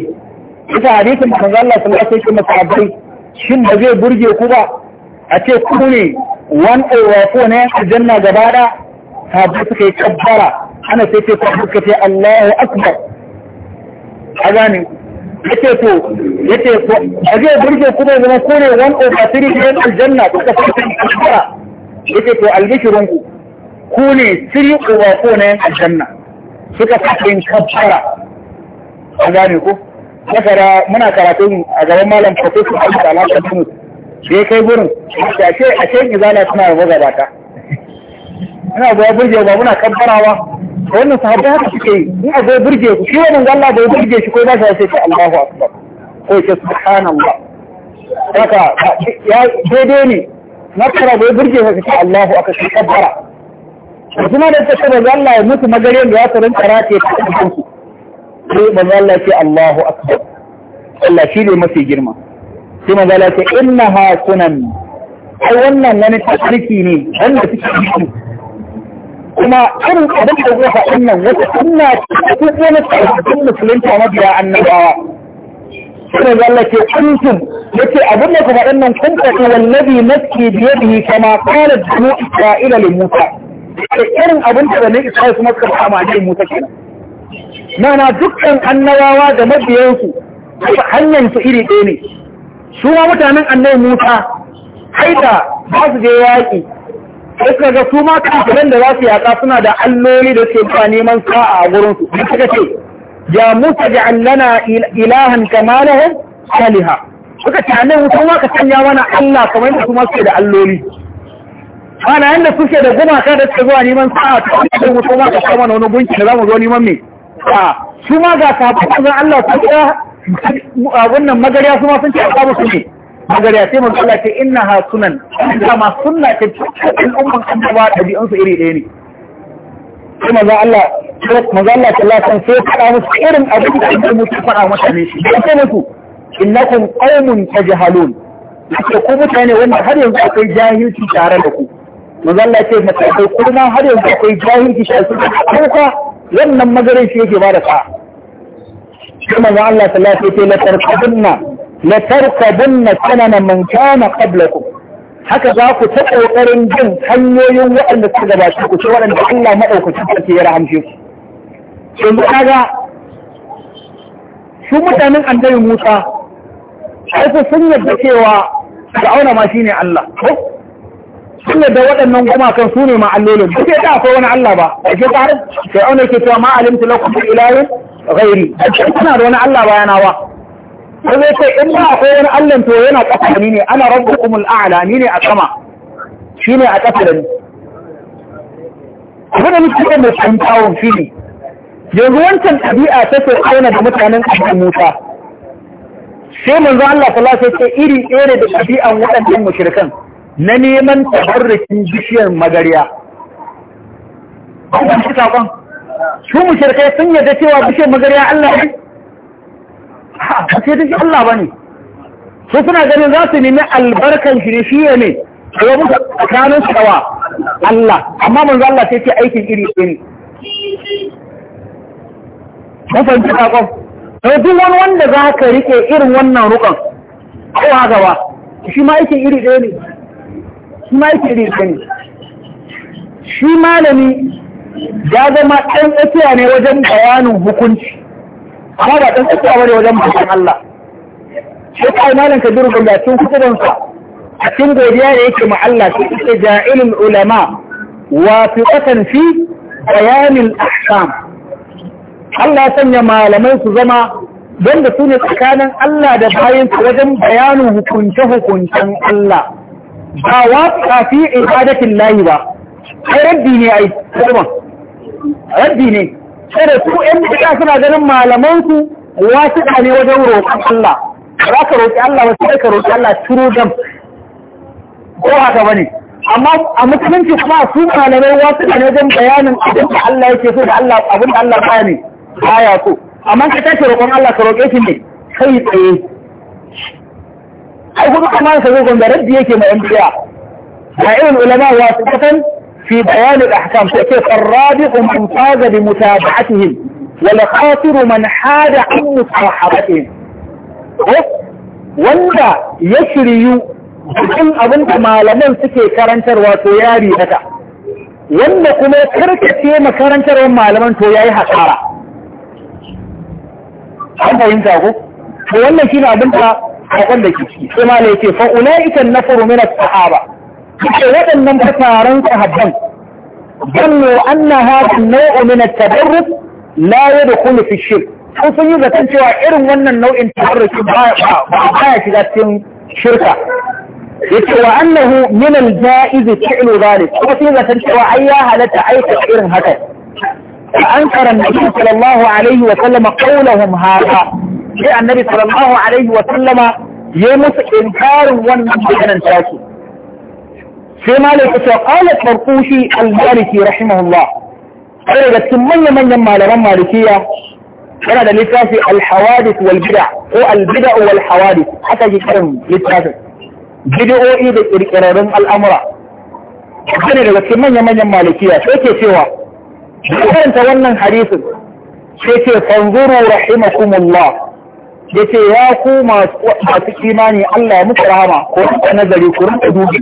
ita hadisin manzo Allah sallallahu alaihi wasallam shin ba zai burge ku ba a ce ku ne one over oh aljanna gaba da sahabbai suka yi kabbara ana sai ce ku ce Allahu akbar a gane ku Yake to yace to a zai burge kuma zama kone one over ne ɗin aljanna ko kasa ta aljanna yake to albishirin ku ku ne three over four na aljanna suka saka yin kabbara an gane ko masara muna karatun a gaban malam su professor Abdul Alhaji Yunus ya kai gurin ce in izala suna da magabata ina ga burge ba muna kabbarawa wannan sahabbai haka suke yi in a ga burge ku shi wannan Allah bai burge shi ko ba shi sai Allahu akbar ko ce subhanallah haka ya daidai ne na kara bai burge ka ce Allahu akbar shi kabbara kuma da ta saboda Allah ya mutu magare da ya tsarin karate ta cikin su sai manzo Allah ce Allahu akbar Allah shi ne mafi girma sai manzo Allah ce innaha sunan ai wannan wani tsarki ne wanda suke yi kuma irin abin da zuwa faɗin nan wata suna cikin wani tsarkakun musulunta mabiya annabawa suna zallake kuntum ya ce abin da ku faɗin nan kun faɗi wallabi nafsi biye bihi kama kala jinu isra'ila le musa da irin abin da ne isra'ila kuma suka faɗa ma musa kenan mana dukkan annabawa da mabiyansu hanyar su iri ɗaya ne su ma mutanen annabi musa haida ba su je yaƙi sai ka ga su ma kafiran da za su yaƙa suna da alloli da suke zuwa neman sa'a a gurinsu. su suka ce ya musa ja'al lana ilahan kama lahum aliha suka ce annabi musa ma ka sanya mana Allah kamar yadda su ma suke da alloli ana yanda suke da gumaka da suke zuwa neman sa'a to annabi musa ma ka sanya mana wani gunki da za mu zo neman me sa'a su ma ga sabon Allah su ga wannan magariya su ma sun ce a samu su ne magariya sai mun Allah ce inna ha sunan dama sunna ce al'umman annaba ɗabi'un su iri ɗaya ne sai maza Allah manzo Allah sallallahu alaihi sai faɗa musu irin abin da ake mutu faɗa mutane shi sai ce musu innakum qaumun tajhalun yake ku mutane wanda har yanzu akwai jahilci tare da ku manzo Allah ce matakai kuma har yanzu akwai jahilci tare da ku wannan magarin shi yake ba da sa'a sai maza Allah sallallahu alaihi wasallam ya ce la tarkabunna la tarkabunna sanana man kana qablakum haka za ku ta kokarin jin hanyoyin waɗanda suka gabata ku ce waɗanda Allah madaukakin sarki ya rahamshe ku yanzu kaga su mutanen annabi Musa ai sun yarda cewa Fir'auna ma shine Allah sun yarda waɗannan gumakan su ne ma allolin duk da akwai wani Allah ba a ke tare Fir'auna ke cewa ma alimtu lakum ilahin ghairi kana da wani Allah bayana ba sai zai ce in ba akwai wani allan to yana ƙasa ni ne ana rabbukumul a'la ni ne a sama shine a ƙasa da ni abin da muke da mutum tawon shi ne yanzu wancan ɗabi'a ta ce aina da mutanen abin musa sai manzo Allah sallallahu alaihi wasallam ce iri ɗaya da ɗabi'an wadannan mushrikan na neman tabarrukin bishiyar magariya Kuma shi sakon, su mushrikai sun yarda cewa bishiyar magariya Allah ne? ba sai ta shi Allah ba ne su suna ganin za su nemi albarkan shi ne shi ya ne a yau muka tsakanin shawa Allah amma manzo Allah sai ce aikin iri ɗaya ne mun fahimci sakon sai duk wani wanda za ka rike irin wannan rukan ko haka ba shi ma aikin iri ɗaya ne shi ma aikin iri ɗaya ne shi malami ya zama ɗan tsakiya ne wajen bayanin hukunci amma ba ɗan tsakiya bane wajen mutum Allah shi ta malam kabiru gamba tun kusurinsa a cikin godiya da yake ma Allah shi ita ja'ilul ulama wa fi fiqatan fi bayanil ahkam Allah sanya malamai su zama don da su ne tsakanin Allah da bayan su wajen bayanin hukunce-hukuncen Allah ba wa fi ibadatin layi ba ai rabbi ne ai kuma rabbi ne kada su ‘yan bida suna ganin malamansu wasu ne wajen roƙon Allah, ba ka roƙi Allah wasu sai ka roƙi Allah turu dam, ko haka ba ne. Amma a musulunci kuma su malamai wa su ne wajen bayanin abin da Allah yake so da Allah abin da Allah ba ne, ba ya so. Amma ka tashi roƙon Allah ka roƙe shi ne kai tsaye. Ai kuma kamar sa zo gwamnati yake ma ‘yan bida. Ga irin ulama wasu kasan في بيان الأحكام كيف الرابع من فاز بمتابعتهم والقاطر من حاد عن مصاحبتهم إيه؟ وانت يشري بكم اظن ما لمن سكي كرنتر وطياري هكا وانت كما تركت كما كرنتر وما لمن توياي هكارا هم انت اقول وانت اظن أظنك أقول لك شيء فأولئك النفر من الصحابة kake waɗannan ta sahabban zanno anna hada nau'u min at-tadarrus la yadkhulu fi shirk sun sun yi zaton cewa irin wannan nau'in tadarruki ba ya shiga cikin shirka yace wa annahu min al-ja'iz fi'lu dhalik kuma sun yi zaton cewa ai ya halatta aikata irin haka فأنكر النبي صلى الله عليه وسلم قولهم هذا sai annabi sallallahu alaihi wa sallama ya musu inkarin wannan maganan tashi sai malam ya ce qala tarqushi al-maliki rahimahullah sai daga cikin manyan manyan malaman malikiya yana da littafi al-hawadith wal bid'a ko al-bid'a wal hawadith haka ke kiran littafin bid'o'i da kirkirarun al'amura sai daga cikin manya manyan malikiya sai ke cewa karanta wannan hadisin sai ke fanzuru rahimakumullah ya ce ya ku masu imani Allah ya muku rahama ko rinka nazari ko rinka dubi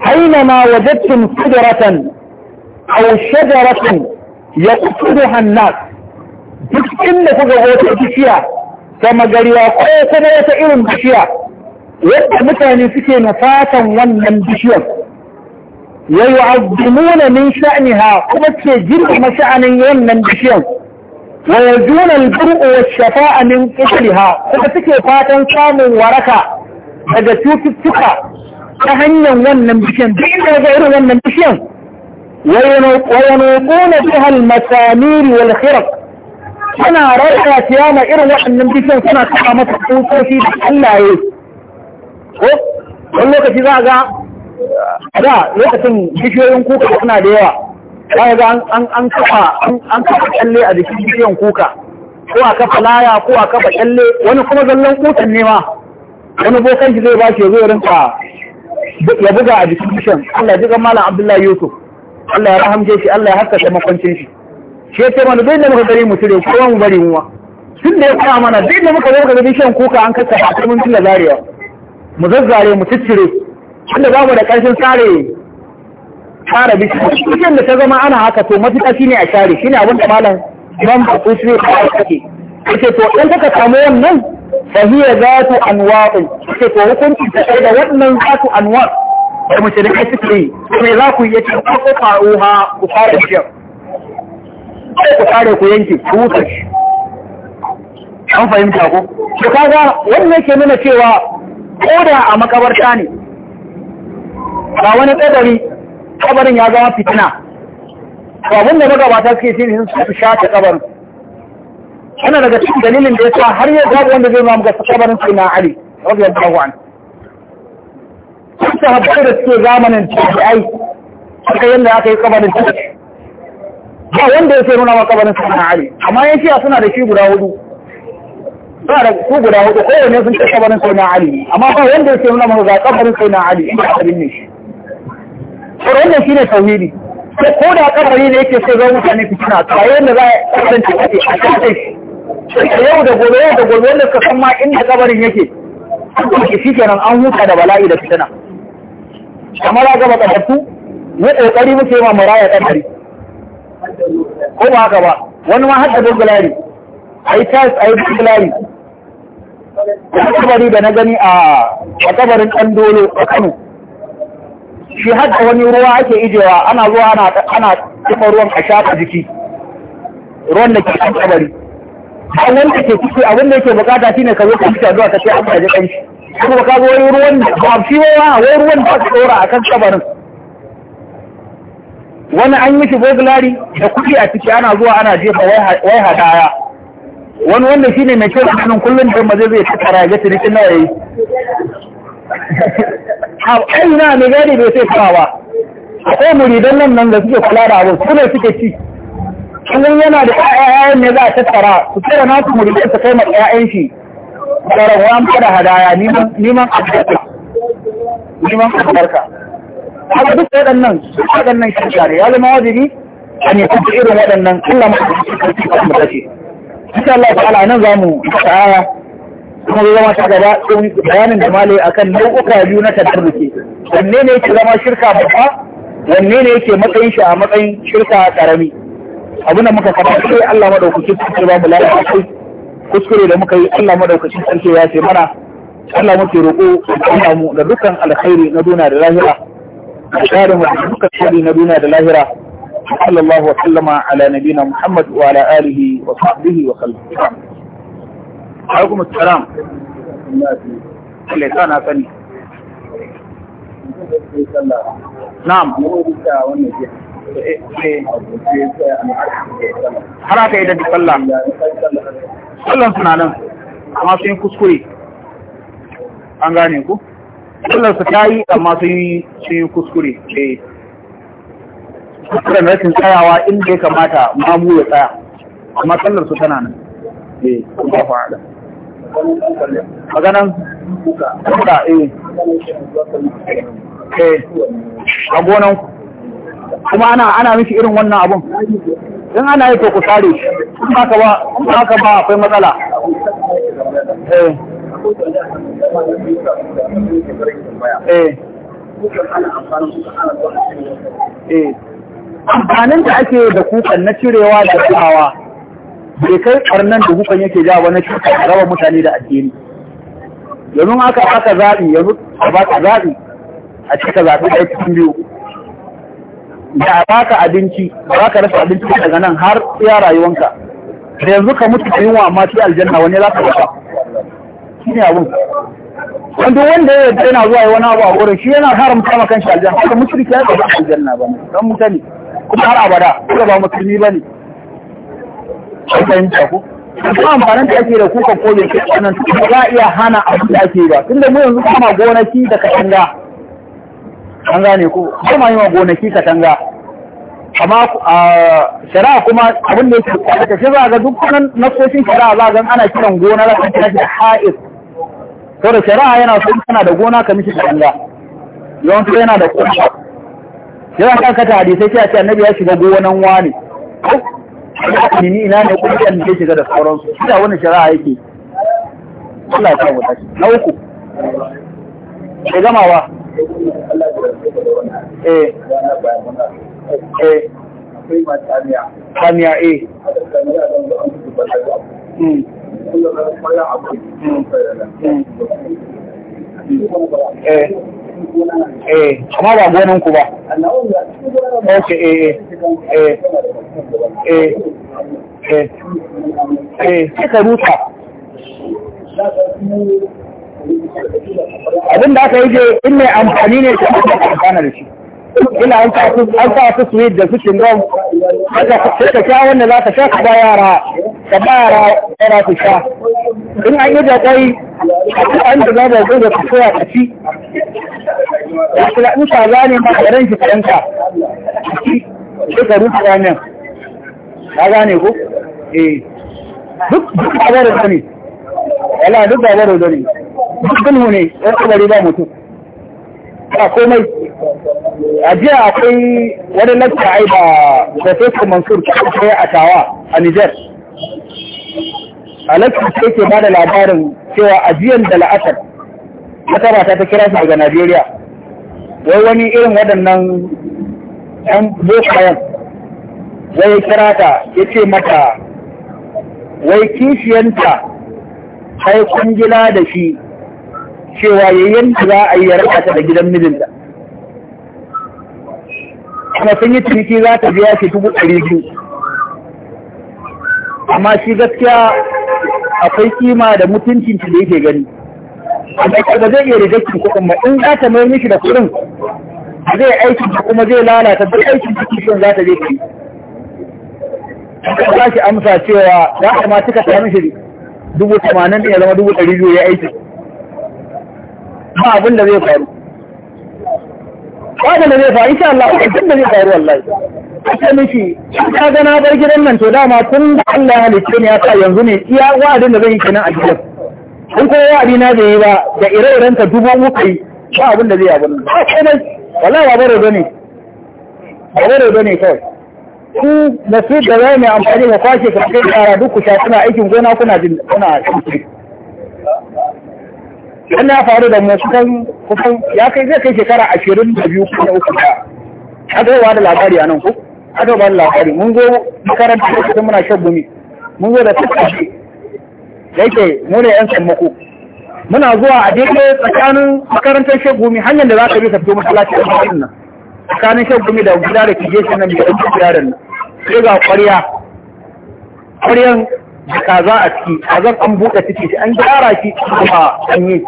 حينما وجدتم قدرة أو شجرة يقصدها الناس duk inda kuka ga wata bishiya sama gariwa ko kuma wata irin bishiya Wanda mutane suke na fatan wannan bishiyar ya yu'azzimuna min sha'niha kuma ke girma sha'anin wannan bishiyar wa yajuna al-bur'u shafaa min qitliha kuma suke fatan samun waraka daga cututtuka ta hanyar wannan bishiyan duk inda ya ga irin wannan bishiyan wayanuquna biha al-masamir wal khiraq suna rarra tiyama irin waɗannan bishiyan suna kafa masa kusoshi da ya ko wani lokaci za a ga a da lokacin bishiyoyin kuka suna da yawa za ga an kafa an kafa kyalle a jikin bishiyan kuka ko a kafa laya ko a kafa kyalle wani kuma zallan kutan ne ma wani bokan shi zai ba shi ya zo rinka ya buga a distribution Allah ya malam Abdullahi Yusuf Allah ya rahamce shi Allah ya haskaka makwancin shi shi ya ce mana duk da muka gari mu cire kowa mu bari muwa tun da ya kawo mana duk da muka zo ga shan kuka an kasa a cikin tilla zarewa mu zazzare mu ciccire tunda ba mu da ƙarshen tsare tsara bishiya cikin da ta zama ana haka to mafita ne a share shine abin da malam Imam Bakuri ya ce to in kuka samu wannan fa hiya zatu anwar ce to hukunci da kai da wannan zatu anwar sai mu da kai suke yi za ku yi ce ko faruha ku fara shi sai ku ku yanke ku wuce shi an fahimta ko to kaga wannan ke nuna cewa ko da a makabarta ne ba wani tsabari ya zama fitina to abin da magabata suke shi su sun shafe kabarin yana daga cikin dalilin da ya sa har yau babu wanda zai mamu ga sakabarin sai na Ali radiyallahu anhu sun sahabbai da suke zamanin tabi'ai suka yanda aka yi kabarin tabi'ai ba wanda ya sai nuna ma kabarin sai na Ali amma yan shi suna da shi guda hudu Ba da su guda hudu kowanne sun ce kabarin sai na Ali amma ba wanda ya sai nuna ma ga kabarin sai na Ali inda aka binne shi saboda wannan shine tauhidi ko da kabari ne yake sai zo mutane fitina to a yanda za a kasance a kasance yau da gobe yau da gobe wanda suka san ma inda kabarin yake shi kenan an huta da bala'i da fitina kamar aka makadattu mu kokari muke ma muraya kadari ko ba haka ba wani ma yi burglary a tas ai burglary kabari da na gani a kabarin ɗan dole a Kano shi da wani ruwa ake ijewa ana zuwa ana ana ruwan a shafa jiki ruwan da ke kan kabari a wanda ke ciki abin da yake bukata shine ka zo ka fita zuwa ka ce an yaji kanshi kuma ka zo wani ruwan da ba shi wa wai ruwan ba ka dora akan kabarin wani an yi shi burglary da kuɗi a ciki ana zuwa ana jefa wai hadaya wani wanda shine mai kyau a nan kullum da maza zai fita rage tirikin nawa yayi a aina mai gadi bai sai fara ba akwai muridan nan nan da suke kula da abin? su ne suke ci kullum yana da ƴaƴan ne za a tattara su tsira na su murin su kai ma ƴaƴan shi tsaron wa maka da hadaya neman albarka neman albarka haka duk waɗannan waɗannan shirka ne ya zama wajibi a ne kuma irin waɗannan Allah ma a kuma tashi insha Allah ta'ala nan za mu ta'ala kuma zai zama ta gaba tsohon bayanin da malai akan nau'uka biyu na tattarruke wanne ne yake zama shirka babba wanne ne yake matsayin shi a matsayin shirka karami abin da muka fara sai Allah madaukakin sarki ba mu lafiya kuskure da muka yi Allah madaukakin sarki ya ce mana Allah muke roƙo Allah mu da dukkan alkhairi na duniya da lahira da mu da dukkan alkhairi na duniya da lahira sallallahu wa ala nabina Muhammad wa ala alihi wa sahbihi wa sallam alaikum assalam Allah ya na sani na'am har aka yi da sallah sallan suna nan amma sun yi kuskure an gane ku su ta yi amma sun yi kuskure eh. kuskure na rashin tsayawa inda ya kamata mamu ya tsaya amma su tana nan eh kuma fa'ada maganan kuka eh eh a gonan ku kuma ana ana miki irin wannan abun in ana yi to ku sare in ba ka ba in ba ka ba akwai matsala eh eh, eh. amfanin da ake da kukan na cirewa da tsawa bai kai karnan da kukan yake ja wani cikin raba mutane da addini yanzu aka aka zaɓi yanzu a ba ka zaɓi a cika zaɓi ɗaya cikin biyu da baka abinci ba ka rasa abinci daga nan har ya rayuwanka da yanzu ka mutu da yunwa amma sai aljanna wani za ka rasa shi ne abin? wanda wanda ya yadda yana zuwa wani abu a wurin shi yana haramta ma kanshi aljanna haka mushriki ya zama aljanna ba ne dan ne. kuma har abada kuma ba musulmi ba ne an fahimta ko kuma amfanin da ake da kuka ko bai kai wannan ba za a iya hana abin da ake ba tunda mu yanzu kuma gonaki da katanga an gane ko kuma yi wa gonaki katanga amma shari'a kuma abin da yake tafi za ga dukkanin nasoshin shari'a za ga ana kiran gona za a kira shi da ha'is to da shari'a yana so kana da gona ka mishi katanga yawanci yana da kuma yawan kan kata hadisai sai a ce annabi ya shiga gonan wani ni ina ne kuma kan ke shiga da sauransu shi da wannan shari'a yake Allah ya kawo ta na uku sai gamawa eh eh Kamiya eh. Eh. Eh. Amma ba gonan eh eh. Eh. Eh. Eh. abin da aka yi je in mai amfani ne ta aka amfana da shi ina an sa su suwe da su cingom sai ka sha wanda za ka sha ka ba yara ka ba yara yara su sha in an yi da kai a ci an da zaba zai da kusurwa a ci ya kula da sa za ne ma a ran shi yanka, sai ka rufe ranar ka gane ko eh duk duk a baro da ne wala duk da baro da ne sulhu ne ɗan kabari ba mutum a komai a jiya akwai wani lakta ai ba da sosu mansur ta kai a tawa a niger a lakta ta ke ba da labarin cewa ajiyan da la'asar wata mata ta kira su daga najeriya wai wani irin waɗannan ɗan bokayen wai kira ta ya ce mata wai kishiyanta sai kungila da shi cewa yayin da za a yi raka ta da gidan mijinta kuma sun yi ciniki za ta biya shi dubu ɗari biyu amma shi gaskiya akwai kima da mutuncin da yake gani amma ba zai iya rijakcin kuɗin ba in za ta mai mishi da kuɗin zai aikin da kuma zai lalata duk aikin ciki kishin za ta je ci. ta ba shi amsa cewa za a ma cika ta mishi dubu tamanin ya zama dubu ɗari biyu ya aiki. ba abin da zai faru ba da zai faru isa Allah ba abin da zai faru wallahi aka miki ka ga bar gidan nan to dama tun da Allah ya halicce ni ya sa yanzu ne iya wa'adin da zan yi kenan a gidan in ko wa'adi na zai yi ba da ire-iren ka dubu uku yi ba abin da zai abin ba komai wallahi ba bare bane ba bare bane kawai ku su da zai mai amfani da kwashe kafin kara duk ku sha kuna aikin gona kuna jin kuna aiki wani ya faru da masu kan kusan ya kai zai kai shekara ashirin da biyu kuma uku ta adawa ba da labari a nan ko adawa ba da labari mun zo makaranta da kusan muna shan gumi mun zo da shi da yake mu ne yan sammako muna zuwa a daidai tsakanin makarantar shan gumi hanyar da za ka bi ka fito masallaci a cikin nan tsakanin shan gumi da gida da kije shi nan da ɗan gida nan sai ga ƙwarya ƙwaryan da kaza a ciki a zan an buɗe ciki an gyara shi kuma an yi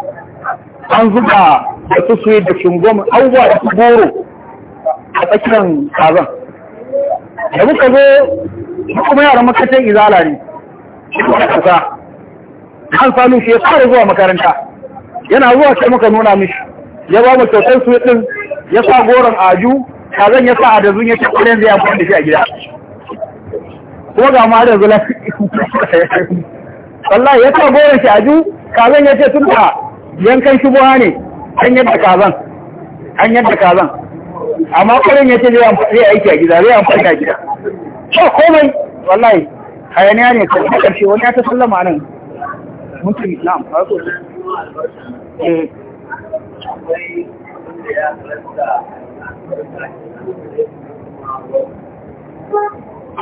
an zuba da su suyi da shingom abubuwa da su goro a tsakiyar kazan da muka zo kuma yaran makarantar izala ne shi kuma kasa an sami shi ya fara zuwa makaranta yana zuwa sai muka nuna mishi ya ba mu kyautar su din ya sa goron aju kazan ya sa adazun ya ce kuren zai amfani da shi a gida kuma ga ma da zulan wallahi ya sa goron shi aju kazan ya ce tun da yankan shubuha ne an yadda kazan an yadda kazan amma kwarin ya ce zai aiki a gida zai amfani a gida Ko komai wallahi hayaniya ne kan karshe wani ya ta sallama nan mutum islam ba so eh.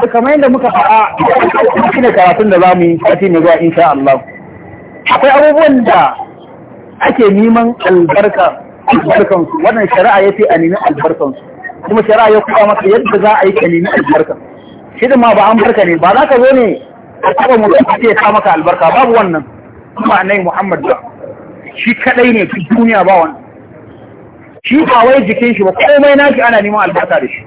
Da kamar yadda muka faɗa shi ne karatun da za mu yi sati mai zuwa insha Allah akwai abubuwan da ake neman albarka albarkan su wannan shari'a yace a nemi albarkan su kuma shari'a ya kuma maka yadda za a yi ka nemi albarka shi ma ba an barka ne ba za ka zo ne a taba mutum ce ka maka albarka babu wannan kuma nai Muhammad ba shi kadai ne duk duniya ba wannan shi ba wai jikin shi ba komai nashi ana neman albarka da shi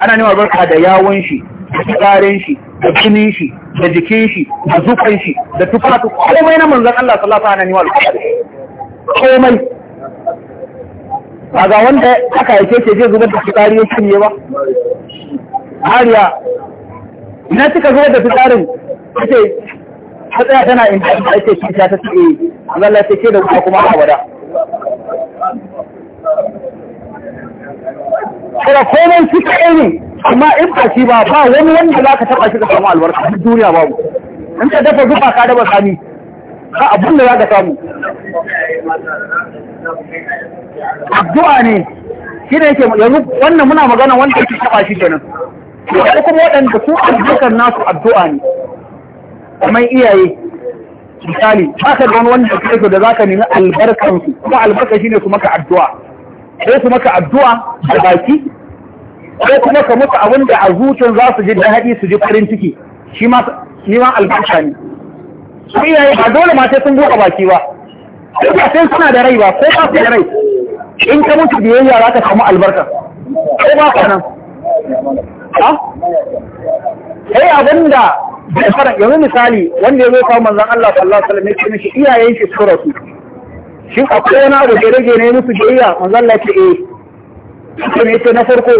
ana neman albarka da yawon shi da tsarin shi da jinin shi da jikin shi da zufan shi da tufafi. komai na manzon Allah sallallahu alaihi wasallam ana neman albarka da shi komai ga wanda aka yake ce zai zubar da fitsari ya shirye ba hariya na cika zubar da fitsarin ce ta tsaya tana inda ta ce shi ta eh, ce zalla ce ke da kuma kuma wada kuma komai shi ta ne amma in ba shi ba ba wani wanda za ka taɓa shi ka samu albarka duniya babu in ka dafa zuba ka dafa sami ba abin da za ka samu addu'a ne shi ne yake yanzu wannan muna magana wanda yake taba shi kenan ko kuma waɗanda su addu'ar nasu addu'a ne kamar iyaye misali ba ka da wani wanda kake da za ka nemi albarkansu kuma albarka shi ne su maka addu'a sai su maka addu'a da baki sai kuma ka mutu abin da a zuciyar za su ji daɗi su ji farin ciki shi ma albarka ne su iyaye ba dole ma sun buɗe baki ba duk da sai suna da rai ba ko ba su da rai in ka mutu biyayya za ka samu albarka ko ba ka nan sai abinda da yanzu misali wanda ya zo kawo manzan Allah sallallahu alaihi wasallam ya ce mishi iyayen shi su rasu shin akwai wani abu da rage ne musu biyayya manzan Allah ce eh shi ne ce na farko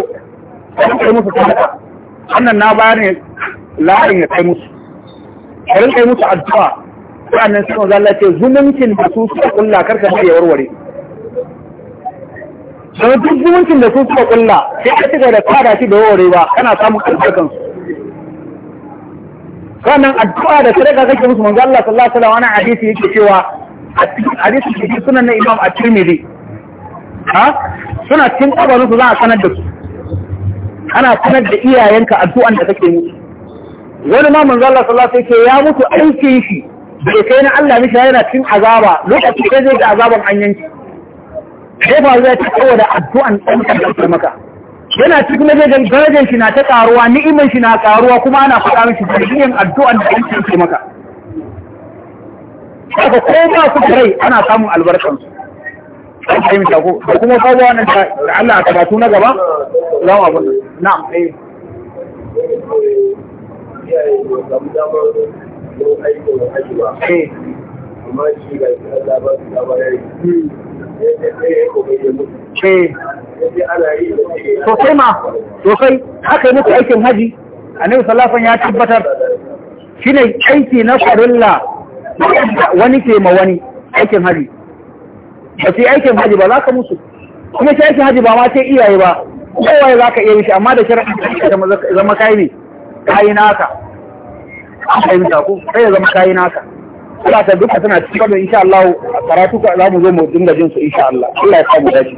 sai musu sadaka wannan na bayar ne la'ayin ya kai musu a rinka yi mutu addu'a sa'annan sai manzo Allah ce zumuncin da su suka kulla karka da ya warware sai duk zumuncin da su suka kulla sai a cika da kada shi da warware ba kana samun albarkan su sannan addu'a da sadaka kake musu manzo Allah sallallahu alaihi wasallam wannan hadisi yake cewa a cikin hadisi cikin sunan na Imam At-Tirmidhi ha suna cikin kabarin su za a sanar da su ana sanar da iyayenka addu'an da kake musu wani ma manzo Allah sallallahu alaihi wasallam ya mutu aikin shi bai kai na Allah mishi yana cin azaba lokacin sai zai ga azaban an yanki sai fa zai ta kawo da addu'an dan ka maka yana cikin da ganin darajar shi na ta karuwa ni'imar shi na karuwa kuma ana faɗa mishi dalilin addu'an da yake ke maka haka ko ba su kai ana samun albarkan su sai mu tako da kuma babu wannan da Allah a karatu na gaba za mu na'am eh iyaye ba samu damar eh. amma shi ga Allah ba hmm. ya eh. sai ya yi kokari mutu ma haka yi muku aikin haji annabi salafan ya tabbatar shi ne aiki na farilla wani ke ma wani aikin haji ba ce aikin haji ba za ka musu kuma sai aikin haji ba ma ce iyaye ba kowaye za ka iya mishi amma da sharaɗin zama kai ne kayi naka an fahimta ku sai ya zama kayi naka Allah ta duka tana cikin wannan insha Allah karatu ka za mu zo mu dinga jin su insha Allah Allah ya samu dace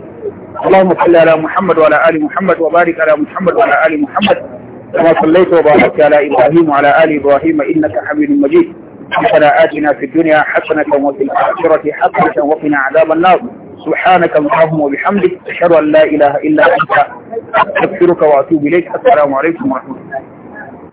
اللهم صل على محمد وعلى ال محمد وبارك على محمد وعلى ال محمد كما صليت وباركت على ابراهيم وعلى ال ابراهيم انك حميد مجيد ربنا آتنا في الدنيا حسنة وفي الآخرة حسنة وقنا عذاب النار سبحانك اللهم وبحمدك أشهد أن لا إله إلا أنت أستغفرك وأتوب إليك السلام عليكم ورحمة الله